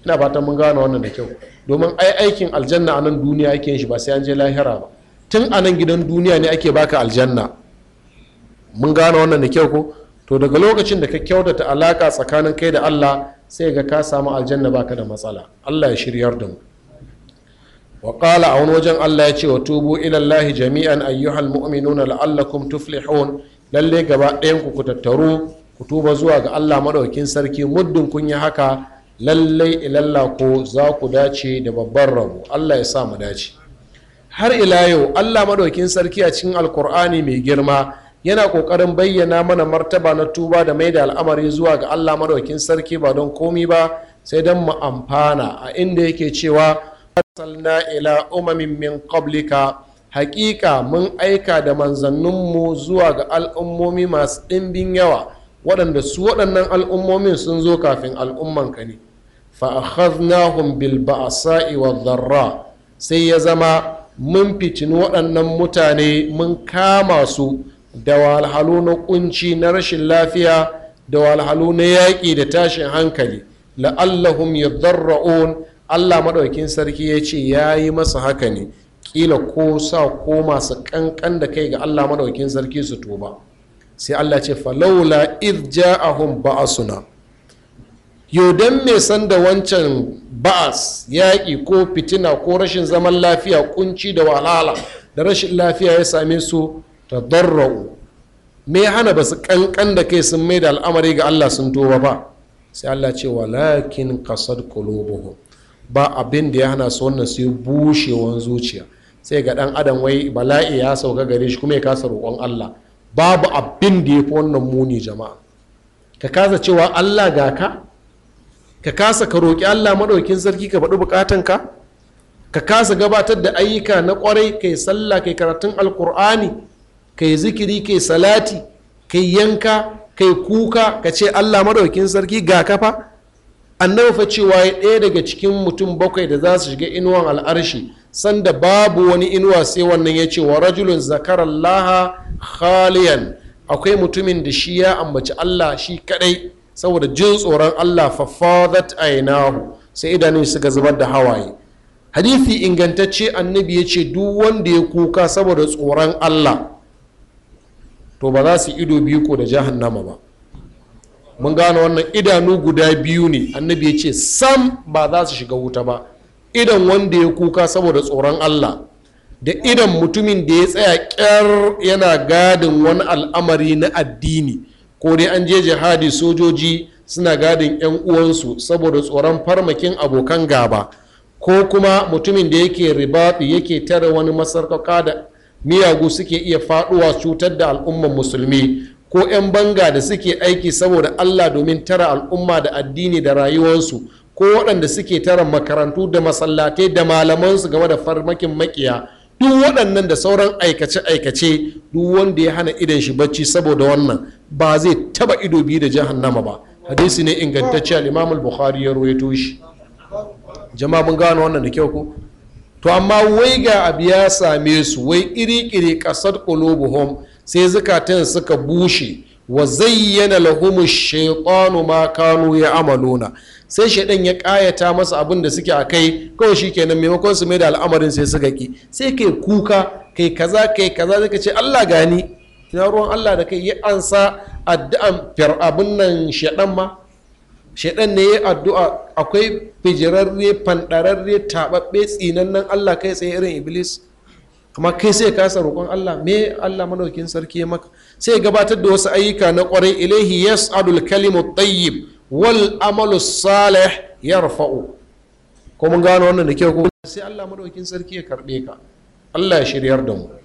ina fatan mun gane wannan da kyau domin ai aikin aljanna a nan duniya ake yin shi ba sai an je lahira ba tun a nan gidan duniya ne ake baka aljanna mun gane wannan da kyau ko to daga lokacin da ka kyautata alaka tsakanin kai da Allah sai ga ka samu aljanna baka da matsala Allah ya shiryar da mu wa qala a wani wajen Allah ya ce wa tubu ila Allah jami'an ayyuhal mu'minuna la'allakum tuflihun lalle gaba ɗayan ku ku tattaru ku tuba zuwa ga Allah madaukin sarki muddin kun yi haka lallai ilalla ko za ku dace da babban rabu? allah ya sa mu dace har ila yau allah madaukin sarki a cikin alkur'ani mai girma yana ƙoƙarin bayyana mana martaba na tuba da mai da al'amari zuwa ga allah madaukin sarki ba don komi ba sai don mu amfana a inda yake cewa arsalna ila umamin min qablika hakika mun aika da manzanninmu zuwa ga al'ummomi masu ɗimbin yawa waɗanda su waɗannan al'ummomin sun zo kafin al'umman ka ne fa'akhadnahum bil ba'sa'i wad dharra sai ya zama mun fitin waɗannan mutane mun kama su da walhalu na kunci na rashin lafiya da walhalu na yaƙi da tashin hankali la'allahum yadarra'un allah maɗaukin sarki ya ce ya yi masa haka ne ƙila ko sa ko masu ƙanƙan da kai ga allah maɗaukin sarki su tuba sai allah ce falaula iz a ba'asuna yodan mai san da wancan ba'as yaƙi ko fitina ko rashin zaman lafiya kunci da walala da rashin lafiya ya same su ta darra'u me hana ba su kankan da kai sun mai da al'amari ga allah sun toba ba sai allah ce walakin kasar kulubuhum ba abin da ya hana su wannan bushe bushewan zuciya sai ga dan adam wai bala'i ya sauka gare shi kuma ya kasa roƙon allah babu abin da ya fi wannan muni jama'a ka kasa cewa allah ga ka ka kasa ka roƙi allah maɗaukin sarki ka faɗi buƙatanka ka kasa gabatar da ayyuka na ƙwarai kai sallah kai karatun alƙur'ani kai zikiri kai salati kai yanka kai kuka ka ce allah maɗaukin sarki ga kafa annabi fa cewa ya ɗaya daga cikin mutum bakwai da za su shiga inuwan al'arshi sanda babu wani inuwa sai wannan ya ce wa rajulun zakarallaha khaliyan akwai mutumin da shi ya ambaci allah shi kadai. saboda jin tsoron Allah fafadat a ainahu sai idanun suka zubar da hawaye hadithi ingantacce annabi ya ce duk wanda ya kuka saboda tsoron Allah to ba za su ido biyu ko da jahannama ba mun gane wannan idanu guda biyu ne annabi ya ce sam ba za su shiga wuta ba idan wanda ya kuka saboda tsoron Allah da idan mutumin da ya tsaya kyar yana gadin wani al'amari na addini ko dai an je jihadi sojoji suna gadin 'yan uwansu saboda tsoron farmakin abokan gaba ko kuma mutumin da yake ribaɗi yake tare wani masarkaka da miyagu suke iya faɗuwa cutar da al'umman musulmi ko 'yan banga da suke aiki saboda allah domin tara al'umma da addini da rayuwarsu ko waɗanda suke tara makarantu da masallatai da malamansu game da farmakin makiya duk waɗannan da sauran aikace-aikace duk wanda ya hana idan shi bacci saboda wannan ba zai taba ido biyu da jahannama ba hadisi ne ingantacce al-imam al-bukhari ya rawaito shi jama'a mun gano wannan da kyau ko to amma wai ga abu ya same su wai iri-iri kasar qulubuhum sai zukatan suka bushe wa zayyana lahumu shaytanu ma kanu ya'maluna sai shaidan ya kayata masa abin da suke a kai, kawai shikenan maimakon su mai da al'amarin sai suka ki sai kai kuka kai kaza kai kaza zaka ce Allah gani kina ruwan Allah da kai ya ansa addu'an abin nan shaɗan ma shaɗan ne ya addu'a akwai fijirarre, fanɗararre taɓaɓɓe tsinannen Allah kai tsaye irin iblis kuma kai sai kasa roƙon Allah me Allah madaukin sarki ya maka sai gabatar da wasu ayyuka na ƙwarai ilaihi yas'adul kalimu tayyib wal amalu salih yarfa'u ko mun gano wannan da kyau ko sai Allah madaukin sarki ya karbe ka Allah ya shiryar da mu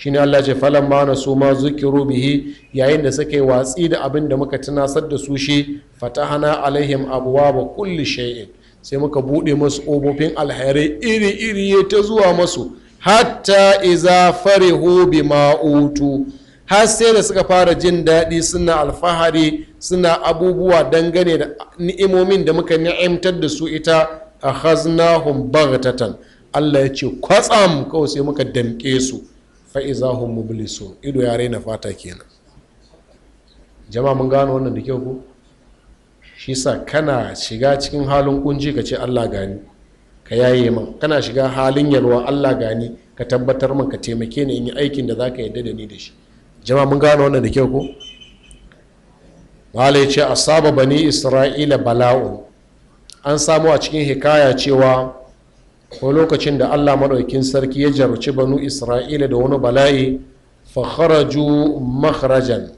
shine Allah ce falan ma na su ma zukiru bihi yayin da suka yi watsi da abin da muka tunasar da su shi fatahana alaihim abuwa ba kulli shay'in sai muka buɗe masu obofin alhairai iri iri ya ta zuwa masu hatta iza farihu bima utu har sai da suka fara jin daɗi suna alfahari suna abubuwa dangane da ni'imomin da muka ni'imtar da su ita a haznahum baghtatan Allah ya ce kwatsam kawai sai muka damƙe su Fa'izahun mublisun ido ya raina fata kenan jama'a mun gano wannan da kyau ku? shi sa kana shiga cikin halin kunji ka ce Allah gani ka yaye man kana shiga halin yalwa Allah gani ka tabbatar man ka taimake ni in yi aikin da za ka yadda da ni da shi jama'a mun gano wannan da kyau ku wale ce asaba bani isra'ila bala'un an samu a cikin hikaya cewa ko lokacin da allah maɗaukin sarki ya jarci banu isra'ila da wani bala'i fakharaju makharajan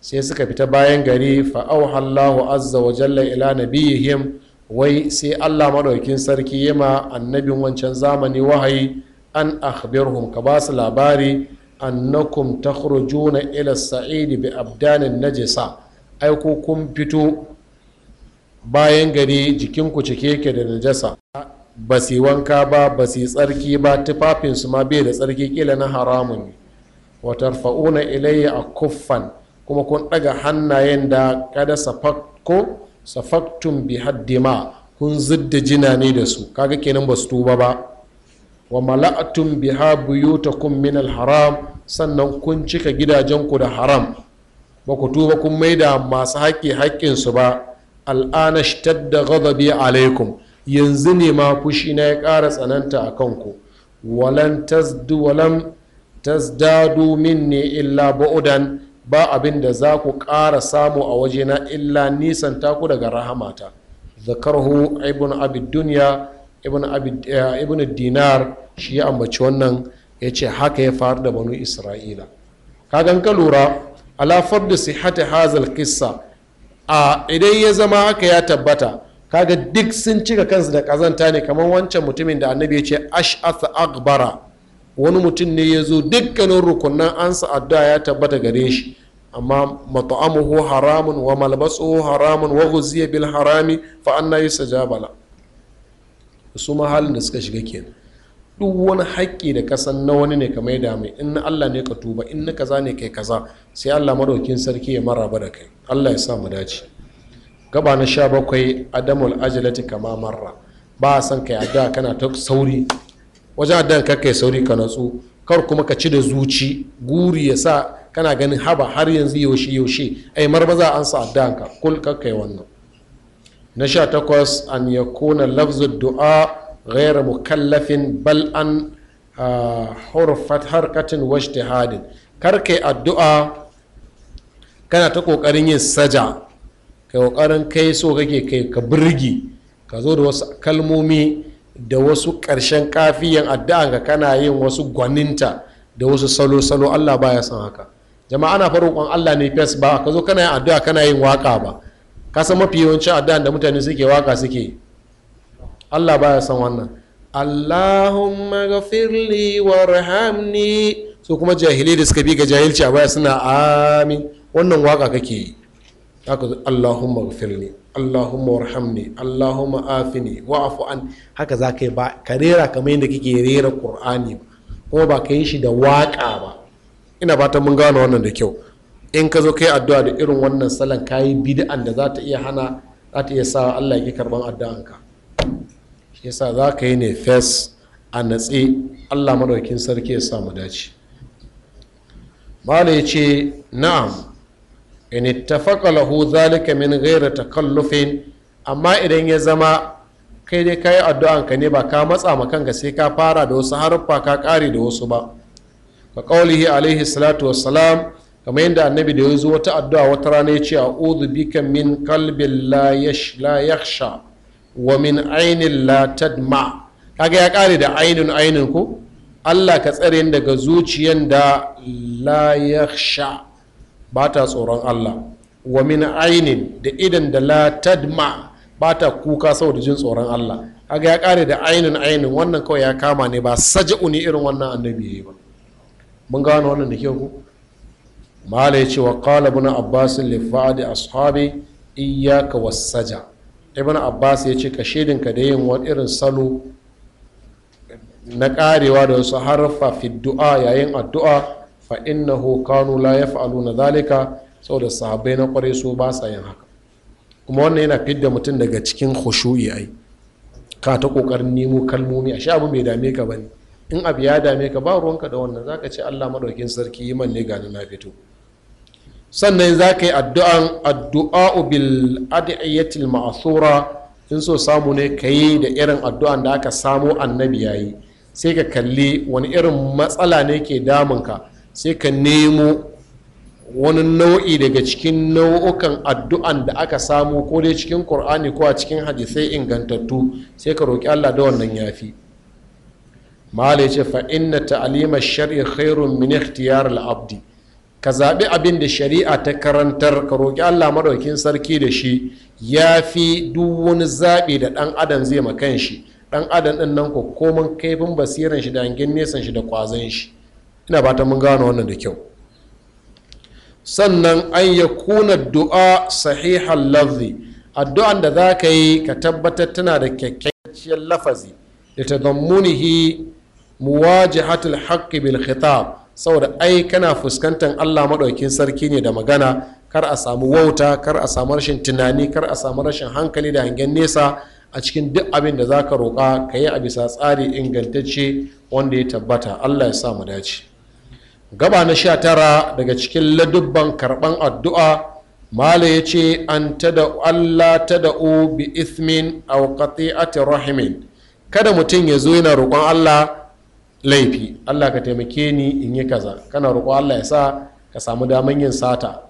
sai suka fita bayan gari fa'au allahu azza wa jalla ila nabiyihim wai sai allah maɗaukin sarki ya ma annabin wancan zamani wahayi an akhbirhum ka ba su labari annakum takhrujuna ila sa'idi bi abdanin najisa ai ko kun fito bayan gari jikinku cike yake da najasa ba su wanka ba ba su tsarki ba tufafinsu ma bai da tsarki kila na haramun ne wa na ilayya a kuffan kuma kun ɗaga hannayen da kada safakko safaktun bi haddima kun zidda jina ne da su kaga kenan ba su tuba ba wa mala'atun biha buyutakum min haram sannan kun cika gidajenku da haram ba ku tuba kun maida masu haƙƙi haƙƙinsu ba al'ana shtadda ghadabi alaikum yanzu ne ma fushi na ya ƙara tsananta a kanku walan tasdadu min ne illa ba'udan ba abin da za ku ƙara samu a waje na illa nisan taku daga rahamata zakarhu ibn abid dunya eh, ibn dinar shi ya ambaci wannan ya ce haka ya faru da banu isra'ila kagan ka lura ala fardu sihhati hazal kissa a idan ya zama haka ya tabbata kaga duk sun cika kansu da kazanta ne kamar wancan mutumin da annabi ya ce ash'ath akbara wani mutum ne ya zo dukkanin rukunan ansa addu'a ya tabbata gare shi amma mat'amuhu haramun wa malbasuhu haramun wa ghuziya bil harami fa anna yusajabala su ma halin da suka shiga kenan duk wani haƙƙi da kasan na wani ne ka mai da mai in Allah ne ka tuba in na kaza ne kai kaza sai Allah madaukin sarki ya maraba da kai Allah ya sa mu dace gaba na sha bakwai adamul ajalati kama marra ba a san ka yadda kana ta sauri wajen addan ka kai sauri ka natsu kar kuma ka ci da zuci guri ya sa kana ganin haba har yanzu yaushe yaushe ai marmaza an sa addan ka kul ka kai wannan na sha takwas an ya kona lafzud du'a ghayra mukallafin bal an ah, hurfat harkatin wajtihadin kar kai addu'a kana ta kokarin yin saja kai kokarin kai so kake kai ka birgi ka zo da wasu kalmomi da wasu ƙarshen kafiyan addu'a ka kana yin wasu gwaninta da wasu salo salo Allah baya son haka jama'a ana kwan Allah ne fes ba ka zo kana yin addu'a kana yin waka ba ka san mafi yawancin addu'a da mutane suke waka suke Allah baya son wannan Allahumma ghafirli warhamni so kuma jahilai da suka bi ga jahilci a baya suna amin wannan waka kake yi haka zo Allahumma gfirni Allahumma warhamni Allahumma afini wa'fu an haka za ka yi ba ka rera kamar yadda kake rera ƙur'ani ba kuma ba ka yi shi da waƙa ba ina ba ta mun gano wannan da kyau in ka zo ka yi addu'a da irin wannan salan ka yi bid'an da za ta iya hana za ta iya sa Allah ya karban ka shi yasa za ka yi ne fes a natse Allah madaukin sarki ya samu dace Malam ya ce na'am in ittafaqa lahu zalika min ghayri takallufin amma idan ya zama kai dai kai addu'an ka ne ba ka matsa ma kanka sai ka fara da wasu haruffa ka kare da wasu ba ka qaulihi alaihi salatu wassalam kamar yadda annabi da ya zo wata addu'a wata rana ya ce a'udhu bika min qalbin la yakhsha wa min ainin la tadma kaga ya kare da ainin ainin ku? Allah ka tsare daga zuciyan da la yakhsha ba ta tsoron Allah wa min ainin da idan da la tadma ba ta kuka saboda jin tsoron Allah aga ya kare da ainin ainin wannan kawai ya kama ne ba saja'u ne irin wannan annabi yayi ba mun gano wannan da kyau ku mala ya ce wa qala ibn abbas li fa'd ashabi iyyaka wasaja ibn abbas ya ce ka ka da yin wani irin salo na karewa da wasu harfa fi du'a yayin addu'a fa innahu kanu la na zalika saboda sahabbai na kwarai su ba sa yin haka kuma wannan yana fidda mutum daga cikin khushu'i ai ka ta kokarin nemo kalmomi a sha abu bai dame ka bane in abu ya dame ka ba ruwanka da wannan zaka ce Allah madaukin sarki yi man ne gani na fito sannan za ka yi addu'an addu'a bil adiyatil ma'asura in so samu ne ka yi da irin addu'an da aka samo annabi yayi sai ka kalli wani irin matsala ne ke damunka sai ka nemo wani nau'i daga cikin nau'ukan addu'an da aka samu ko dai cikin ƙur'ani ko a cikin hadisai ingantattu sai ka roƙi allah da wannan yafi malai ce fa'in na ta'alima shari'a khairun min ikhtiyar al'abdi abdi ka zaɓi abin da shari'a ta karantar ka roƙi allah maɗaukin sarki da shi ya fi duk wani zaɓi da ɗan adam zai kan shi ɗan adam ɗin nan ko komin kaifin basiran shi da hangen nesan shi da ƙwazon shi ina ba ta mun gano wannan da kyau sannan an ya kuna du'a sahihan lafzi addu'an da za ka yi ka tabbatar tana da kyakkyaciyar lafazi da ta zammunihi muwajihatul haƙƙi bil khitab saboda ai kana fuskantar Allah maɗaukin sarki ne da magana kar a samu wauta kar a samu rashin tunani kar a samu rashin hankali da hangen nesa a cikin duk abin da za ka roƙa ka yi a bisa tsari ingantacce wanda ya tabbata Allah ya sa mu dace gaba na sha tara daga cikin ladubban karɓan addu'a mala ya ce an tada allah ta tada'u bi a wakati qati'ati rahimin kada mutum ya zo yana roƙon allah laifi allah ka taimake ni in yi kaza kana roƙon allah ya sa ka samu daman yin sata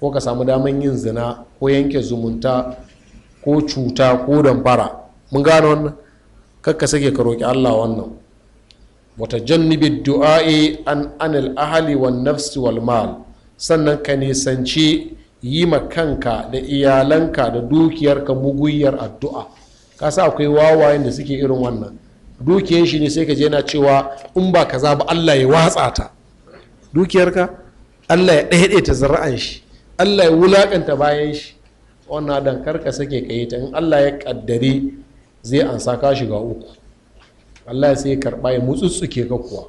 ko ka samu daman yin zina ko yanke zumunta ko cuta ko damfara mun gano wannan kakka sake ka roƙi allah wannan wata jannibi du'a'i an anil ahali wa nafsi mal sannan ka nisanci yi ma kanka da iyalanka da dukiyarka muguyar addu'a ka sa akwai wawayen da suke irin wannan dukiyar shi ne sai ka je na cewa in ba za ba Allah ya watsa ta dukiyarka Allah ya ɗaya ta zara'an shi Allah ya wulaƙanta bayan shi wannan dan ka sake ka yi ta in Allah ya ƙaddare zai ansa ka shiga uku Allah sai karɓa ya mutsutsuke ka kuwa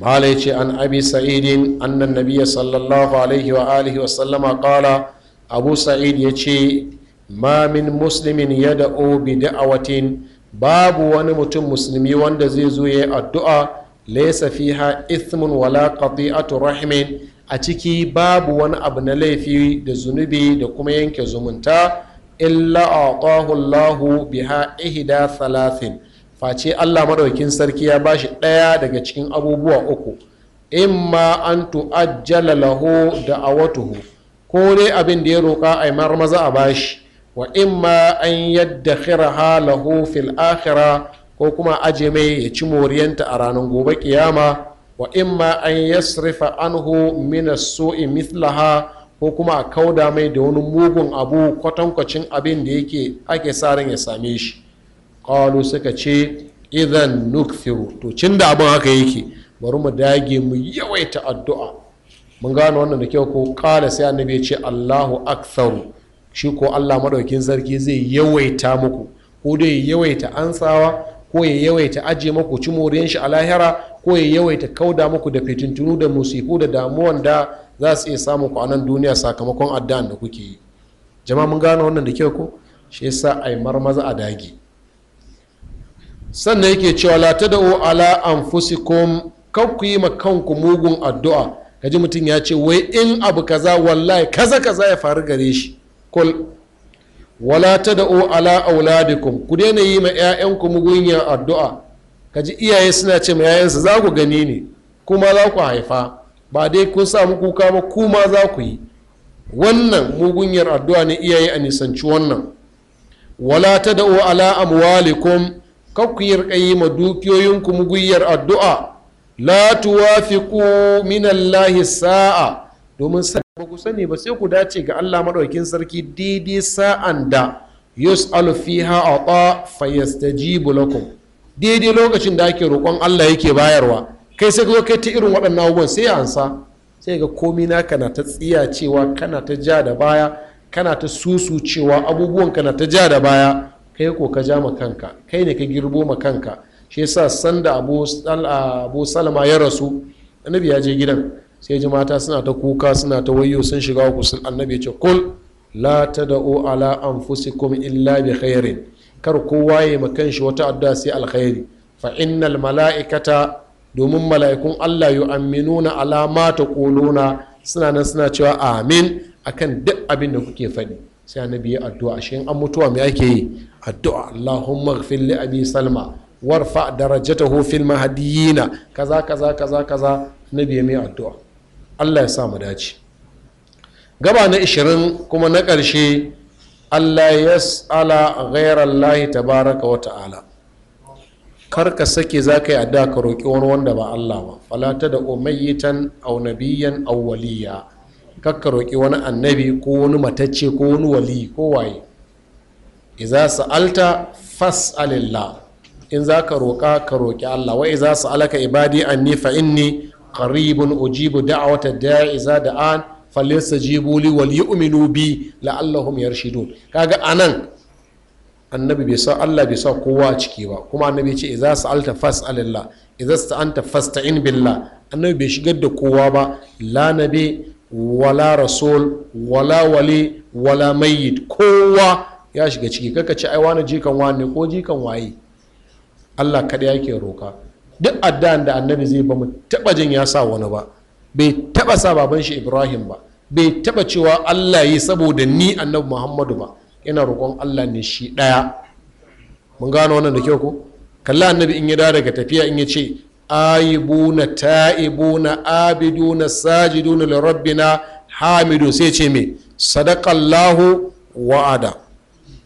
malai ce an abi sa'idin annan nabiya sallallahu alaihi wa alihi wa sallama kala abu sa'id ya ce ma min muslimin ya da'o bi da'awatin babu wani mutum musulmi wanda zai zo ya yi addu'a laisa fiha ithmun wala qati'atu rahimin a ciki babu wani abu na laifi da zunubi da kuma yanke zumunta illa a'tahu Allahu biha Ihida salasin face Allah maɗaukin sarki ya bashi ɗaya daga cikin abubuwa uku imma an tu'ajjala lahu da'awatuhu ko dai abin da ya roƙa a mar maza a bashi wa imma an yadda ha lahu fil akhira ko kuma aje mai ya ci moriyanta a ranar gobe ƙiyama. wa imma an yasrifa anhu min as-su'i mithlaha ko kuma a kauda mai da wani mugun abu kwatankwacin abin da yake ake sa ran ya same shi qalu suka ce idan nukthiru to cin da abin haka yake bari mu dage mu yawaita addu'a mun gano wannan da kyau ko qala sai annabi ce Allahu aktharu shi ko Allah madaukin sarki zai yawaita muku ko dai yawaita ansawa ko ya yawaita aje maku ci moriyan shi a lahira ko ya yawaita kauda muku da fitintunu da musifu da damuwan da za su iya samun kwanan duniya sakamakon addu'an da kuke yi Jama mun gane wannan da kyau ko shi yasa ai marmaza a dage sannan yake cewa la o ala anfusikum kar ku yi ma kanku mugun addu'a kaji mutum ya ce wai in abu kaza wallahi kaza kaza ya faru gare shi kul wala o ala auladikum ku daina yi ma 'ya'yanku mugunyar addu'a kaji iyaye suna ce ma 'ya'yansu za ku gani ne kuma za ku haifa ba dai kun samu kuka ba kuma za ku yi wannan mugunyar addu'a ne iyaye a nisanci wannan wala ta da'o ala amwalikum kakuyar kayi ma dukiyoyinku mugunyar addu'a la tuwafiqu min sa'a domin sa ba ku sani ba sai ku dace ga Allah madaukin sarki daidai sa'an da yus'alu fiha ata fayastajibu lakum daidai lokacin da ake roƙon Allah yake bayarwa kai sai zo kai ta irin waɗannan abubuwan sai ya ansa sai ga komi naka na ta tsiya cewa kana ta ja da baya kana ta susu cewa abubuwan kana ta ja da baya kai ko ka ja ma kanka kai ne ka girbo ma kanka shi yasa sanda abu abu salama ya rasu annabi ya je gidan sai ji mata suna ta kuka suna ta wayo sun shiga uku sun annabi ya ce kul la tad'u ala anfusikum illa bi khairin kar kowa ya makan shi wata addu'a sai alkhairi fa innal mala'ikata domin mala'ikun Allah yu aminuna alama ta kolona suna nan suna cewa amin akan duk abin da kuke faɗi sai annabi ya addu'a shi an mutuwa me ake yi addu'a Allahumma ighfir li salma warfa darajatahu fil mahdiyina kaza kaza kaza kaza annabi ya mai addu'a Allah ya sa mu dace gaba na 20 kuma na ƙarshe Allah ya yas'ala ghayra Allah tabaraka wa ta'ala kar ka sake za ka yi addu'a ka roƙi wani wanda ba Allah ba falata da umayyitan aw nabiyyan aw waliya kar ka roƙi wani annabi ko wani matacce ko wani wali ko waye idza sa'alta fas'alillah in za ka roƙa ka roƙi Allah wa idza sa'alaka ibadi anni fa inni qaribun ujibu da'wata da'i idza da'an falyastajibu li wal yu'minu bi la'allahum yarshidun kaga anan annabi bai sa Allah bai sa kowa a ciki ba kuma annabi ce idza sa'alta fas'alillah idza sta'anta fasta'in billah annabi bai shigar da kowa ba la nabi wala rasul wala wali wala mayyit kowa ya shiga ciki kaka ce ai wani jikan wani ko jikan waye Allah kada yake roka duk addan da annabi zai ba mu taba jin ya sa wani ba bai taba sa baban shi Ibrahim ba bai taba cewa Allah yi saboda ni annabi Muhammadu ba ina roƙon allah ne shi ɗaya mun gano wannan da kyau ko kalli annabi in ya dawo daga tafiya in ya ce na ta'ibuna abiduna sajiduna na hamidu sai ce me sadaqallahu wa'ada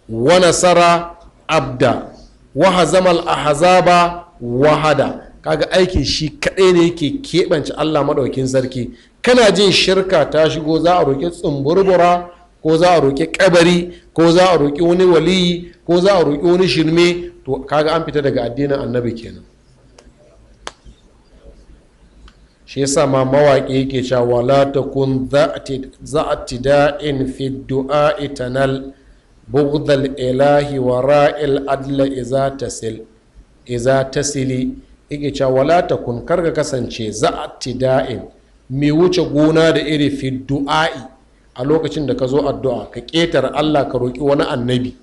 wa nasara abda wa hazamal ahzaba wahada kaga aikin shi kadai ne yake keɓance Allah madaukin sarki kana jin shirka ta shigo za a roƙi tsumburbura ko za a roƙi ƙabari, ko za a roƙi wani waliyi ko za a roƙi wani shirme to kaga an fita daga addinin annabi kenan shi yasa ma mawaƙi yake cewa wala takun za'tida'in fi du'a itanal bughdal ilahi wa ra'il adla iza tasil iza tasili yake cewa wala takun karga kasance za'tida'in mai wuce gona da iri fi du'a'i a lokacin da ka zo addu'a ka ƙetare allah ka roƙi wani annabi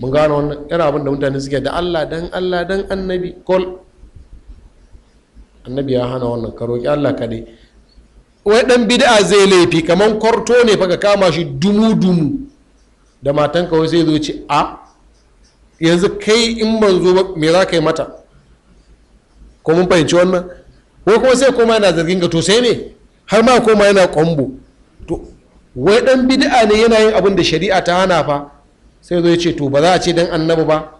mun gano wannan yana abin da mutane suke da allah dan allah dan annabi kol annabi ya hana wannan ka roƙi allah kaɗai wai ɗan bid'a zai laifi kaman kwarto ne fa ka kama shi dumu-dumu da matanka wai zai zo ce a yanzu kai in ban zo ba me za ka yi mata ko mun fahimci wannan ko kuma sai koma yana zargin ka to sai ne har ma koma yana kwambo to wai dan bid'a ne yana yin abin da shari'a ta hana fa sai zo ya ce to ba za a ce dan annabi ba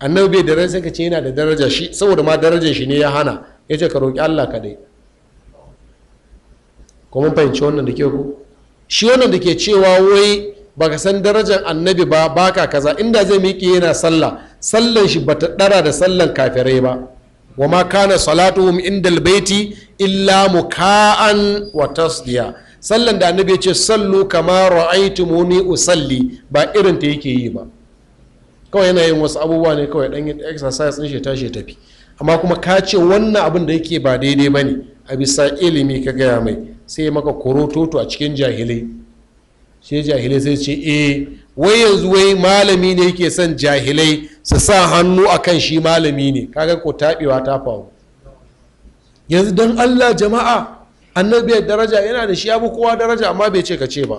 annabi bai daraja sai ka ce yana da daraja shi saboda ma darajar shi ne ya hana ya ce ka roƙi Allah kadai ko mun fahimci wannan da ke ku shi wannan da ke cewa wai ba ka san darajar annabi ba baka kaza inda zai miƙe yana sallah sallan shi bata ɗara da sallan kafirai ba wa ma kana salatuhum indal baiti illa muka'an wa tasdiya sallan da annabi ya ce sallu kama muni usalli ba irin ta yake yi ba kawai yana yin wasu abubuwa ne kawai dan exercise din shi ta shi tafi amma kuma ka ce wannan abin da yake ba daidai bane a bisa ilimi ka gaya mai sai maka korototo a cikin jahilai sai jahilai sai ce eh wai yanzu wai malami ne yake son jahilai su sa hannu akan shi malami ne kaga ko tabewa ta faru yanzu dan allah jama'a ya daraja yana da shi ya bi kowa daraja amma bai ce ka ce ba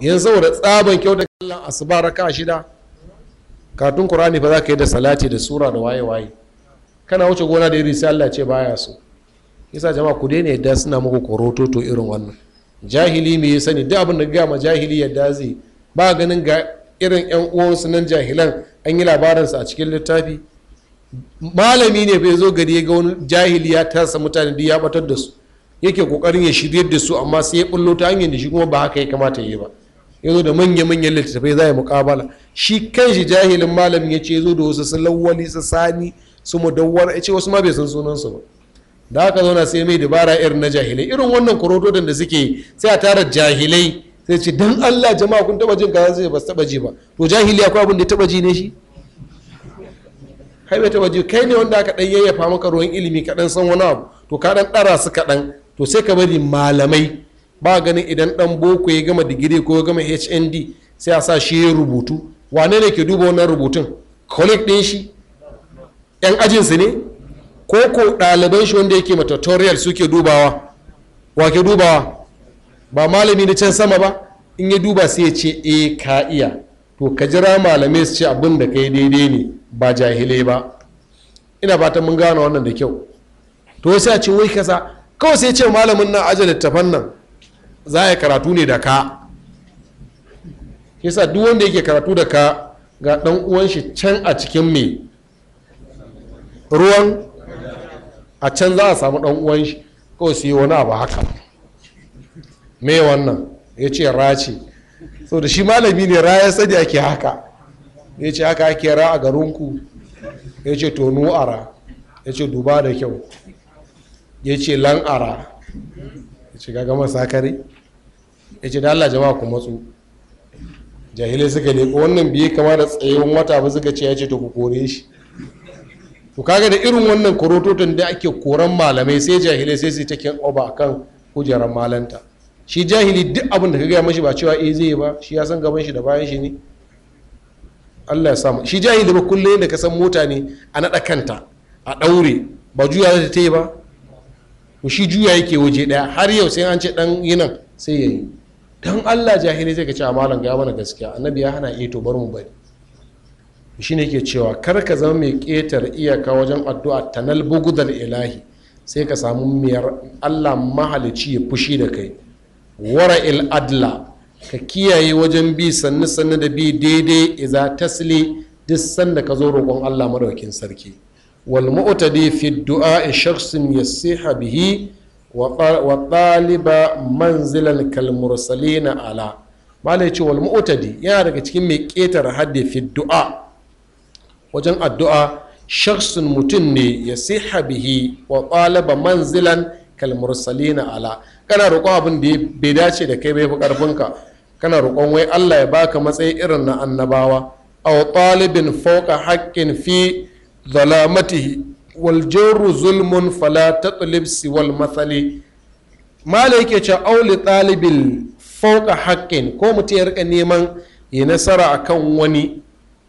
yanzu saboda tsaban kyau da kallon asuba raka shida katun qur'ani ba za ka yi da salati da sura da waye waye kana wuce gona da iri sai Allah ce baya so yasa jama'a ku daina yadda suna muku korototo irin wannan jahili me ya sani duk abin da ga ma jahili yadda zai ba ganin ga irin yan uwansu nan jahilan an yi labarinsa a cikin littafi malami ne bai zo gari ya ga wani jahili ya tasa mutane duk ya batar da su yake kokarin ya shiryar da su amma sai ya bullo ta hanyar da shi kuma ba haka ya kamata ya yi ba ya zo da manya-manyan littattafai za a yi mukabala shi kan shi jahilin malamin ya ce za zo da wasu su lawali su sani su mudawwar ya ce wasu ma bai san sunansu ba da haka zauna sai mai dabara irin na jahilai irin wannan korotodan da suke sai a tara jahilai sai ce dan Allah jama'a kun taba jin kaza sai ba su taba ji ba to jahili akwai abin da ya taba ji ne shi kai bai taba ji kai ne wanda aka dan yayyafa maka ruwan ilimi kaɗan san wani abu to ka dan ɗara su kaɗan to sai ka bari malamai ba ganin idan dan boko ya gama digiri ko ya gama hnd sai a sa shi ya rubutu wane ne ke duba wannan rubutun kolik din shi yan ajinsu ne ko ko ɗaliban shi wanda yake matatorial suke dubawa wa ke dubawa ba malami na can sama ba in ya duba sai ya ce e ka iya to ka jira malamai su ce abin da kai daidai ne ba jahilai ba ina fatan mun gane wannan da kyau to sai a ce wai kasa kawai sai ce malamin nan ajiyar littafan nan za a yi karatu ne da ka yasa duk wanda yake karatu da ka ga dan uwan shi can a cikin me ruwan a can za a samu dan uwan shi kawai su yi wani abu haka me wannan ya ce race sau da shi malami ne raya sadi ake haka ya ce haka ake ra a garinku ya ce to ara ya ce duba da kyau ya ce lan'ara ya ce gaga masakare ya ce da allah jama'a ku matsu jahilai suka ko wannan biye kama da tsayon wata ba suka ce ya ce ta ku kore shi to kaga da irin wannan kurototin da ake koran malamai sai jahilai sai su ta kyan oba kan kujerar malanta shi jahili duk abin da ka gaya mashi ba cewa eh zai ba shi ya san gaban shi da bayan shi ne Allah ya samu shi jahili ba kullum da ka san mota ne a naɗa kanta a ɗaure ba juya da ta yi ba to shi juya yake waje daya har yau sai an ce dan yinan sai yayi dan Allah jahili zai ka ce amalan ga mana gaskiya annabi ya hana eto eh bar mu bari shi yake cewa kar ka zama mai ƙetar iyaka wajen addu'a tanal bugudal ilahi sai ka samu miyar allah mahalici ya fushi da kai wara il adla ka kiyaye wajen bi sannu sannu da bi daidai iza tasli duk sanda ka zo roƙon allah madaukin sarki wal mu'tadi fi du'a shakhsin yasiha bihi wa taliba manzilan kal mursalina ala malai ce wal yana daga cikin mai ƙetare haddi fi wajen addu'a shakhsin mutum ne yasiha bihi wa taliba manzilan kal mursalina ala kana roƙon abin da ya bai dace da kai bai fi karfinka kana roƙon wai Allah ya baka matsayi irin na annabawa aw talibin fawqa haqqin fi zalamatihi wal jarru zulmun fala tatlib siwal mathali mala yake ce auli ɗalibin fauka haƙƙin ko mutum ya rika neman ya nasara akan wani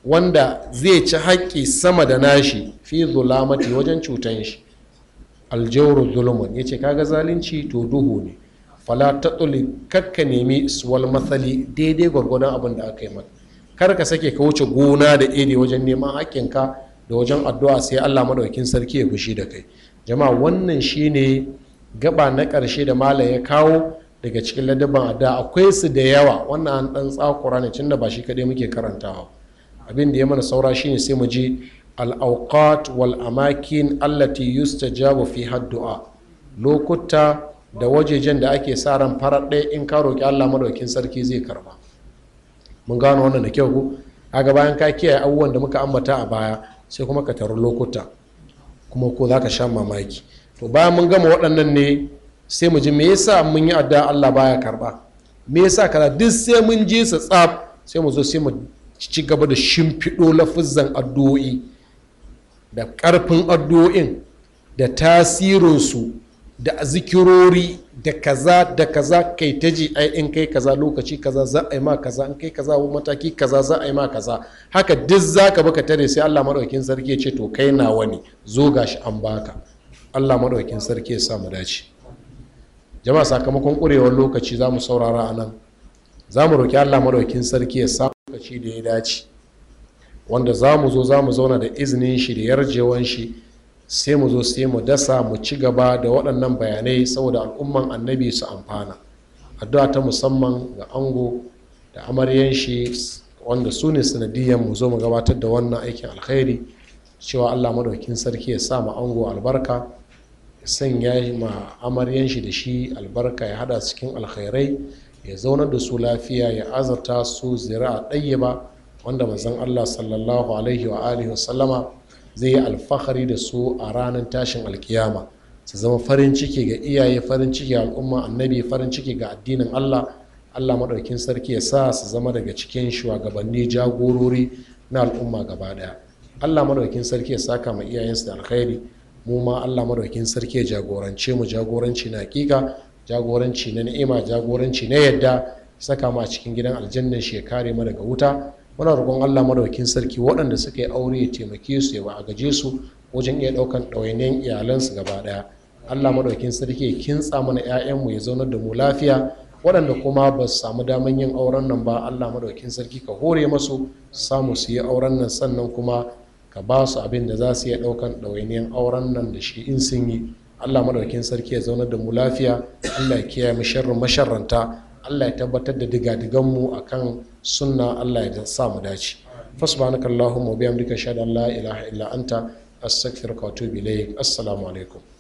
wanda zai ci haƙƙi sama da nashi fi zulamati wajen cutan shi aljawar zulmun ya ce kaga zalunci to duhu ne fala ta kakka nemi suwal matsali daidai gwargwadon abin da aka yi maka kar ka sake ka wuce gona da idi wajen neman haƙƙinka da wajen addu'a sai allah maɗaukin sarki ya fushi da kai jama'a wannan shine gaba na ƙarshe da malam ya kawo daga cikin ladabin addu'a akwai su da yawa wannan an ɗan tsakura ne tunda ba shi kaɗai muke karantawa abin da ya mana saura shine sai mu ji awqat wal amakin allati yustajabu fi haddu'a lokuta da wajejen da ake sa ran farar ɗaya in ka roƙi allah maɗaukin sarki zai karba mun gano wannan da kyau ku a bayan ka kiyaye abubuwan da muka ambata a baya sai kuma ka taru lokuta kuma ko za ka sha mamaki to bayan mun gama waɗannan ne sai mu ji me yasa mun yi addu'a Allah baya karba me yasa kaza duk sai mun je sa tsaf sai mu zo sai mu ci gaba da shimfiɗo lafuzzan addu'o'i da ƙarfin addu'o'in da tasirinsu da zikirori da kaza da kaza kai ta ji ai in kai kaza lokaci kaza za a yi ma kaza in kai kaza mataki kaza za a yi ma kaza haka duk za ka baka tare sai Allah madaukakin sarki ya ce to kai nawa ne zo gashi an baka Allah madaukakin sarki ya sa mu dace jama'a sakamakon ƙurewar lokaci za mu saurara a nan za mu roƙi Allah madaukakin sarki ya sa lokaci da ya dace wanda za mu zo za mu zauna da izinin shi da yarjewan shi sai mu zo sai mu dasa mu ci gaba da waɗannan bayanai saboda al'umman annabi su amfana addu'a ta musamman ga ango da amaryan shi wanda su ne sanadiyan mu zo mu gabatar da wannan aikin alkhairi cewa allah madaukin sarki ya sa ma ango albarka ya sanya ma amaryan shi da shi albarka ya hada cikin alkhairai ya zaunar da su lafiya ya azarta su a ɗayyaba wanda manzon allah sallallahu alaihi wa alihi wa sallama zai yi alfahari da su a ranar tashin alkiyama su zama farin ciki ga iyaye farin ciki ga al'umma annabi farin ciki ga addinin allah allah maɗaukin sarki ya sa su zama daga cikin shugabanni jagorori na al'umma gaba ɗaya allah maɗaukin sarki ya saka ma iyayensu da alkhairi mu ma allah maɗaukin sarki ya jagorance mu jagoranci na hakika jagoranci na ni'ima jagoranci na yadda saka mu a cikin gidan aljannan shi ya kare mu daga wuta muna roƙon allah madaukin sarki waɗanda suka yi aure ya taimake su ya wa'agaje su wajen iya ɗaukan ɗawainiyan iyalansu gaba ɗaya allah madaukin sarki ya kintsa mana 'ya'yanmu ya zaunar da mu lafiya waɗanda kuma ba su samu daman yin auren nan ba allah madaukin sarki ka hore masu samu su yi auren nan sannan kuma ka ba su abin da za su iya ɗaukan ɗawainiyar auren nan da shi in sun yi allah madaukin sarki ya zaunar da mu lafiya allah ya kiyaye mu sharrin masharranta Allah ya tabbatar da digadigan a kan sunna Allah ya sa mu dace fa subhanakallahumma wa bihamdika ashhadu an la ilaha illa anta astaghfiruka wa atubu ilaik assalamu alaikum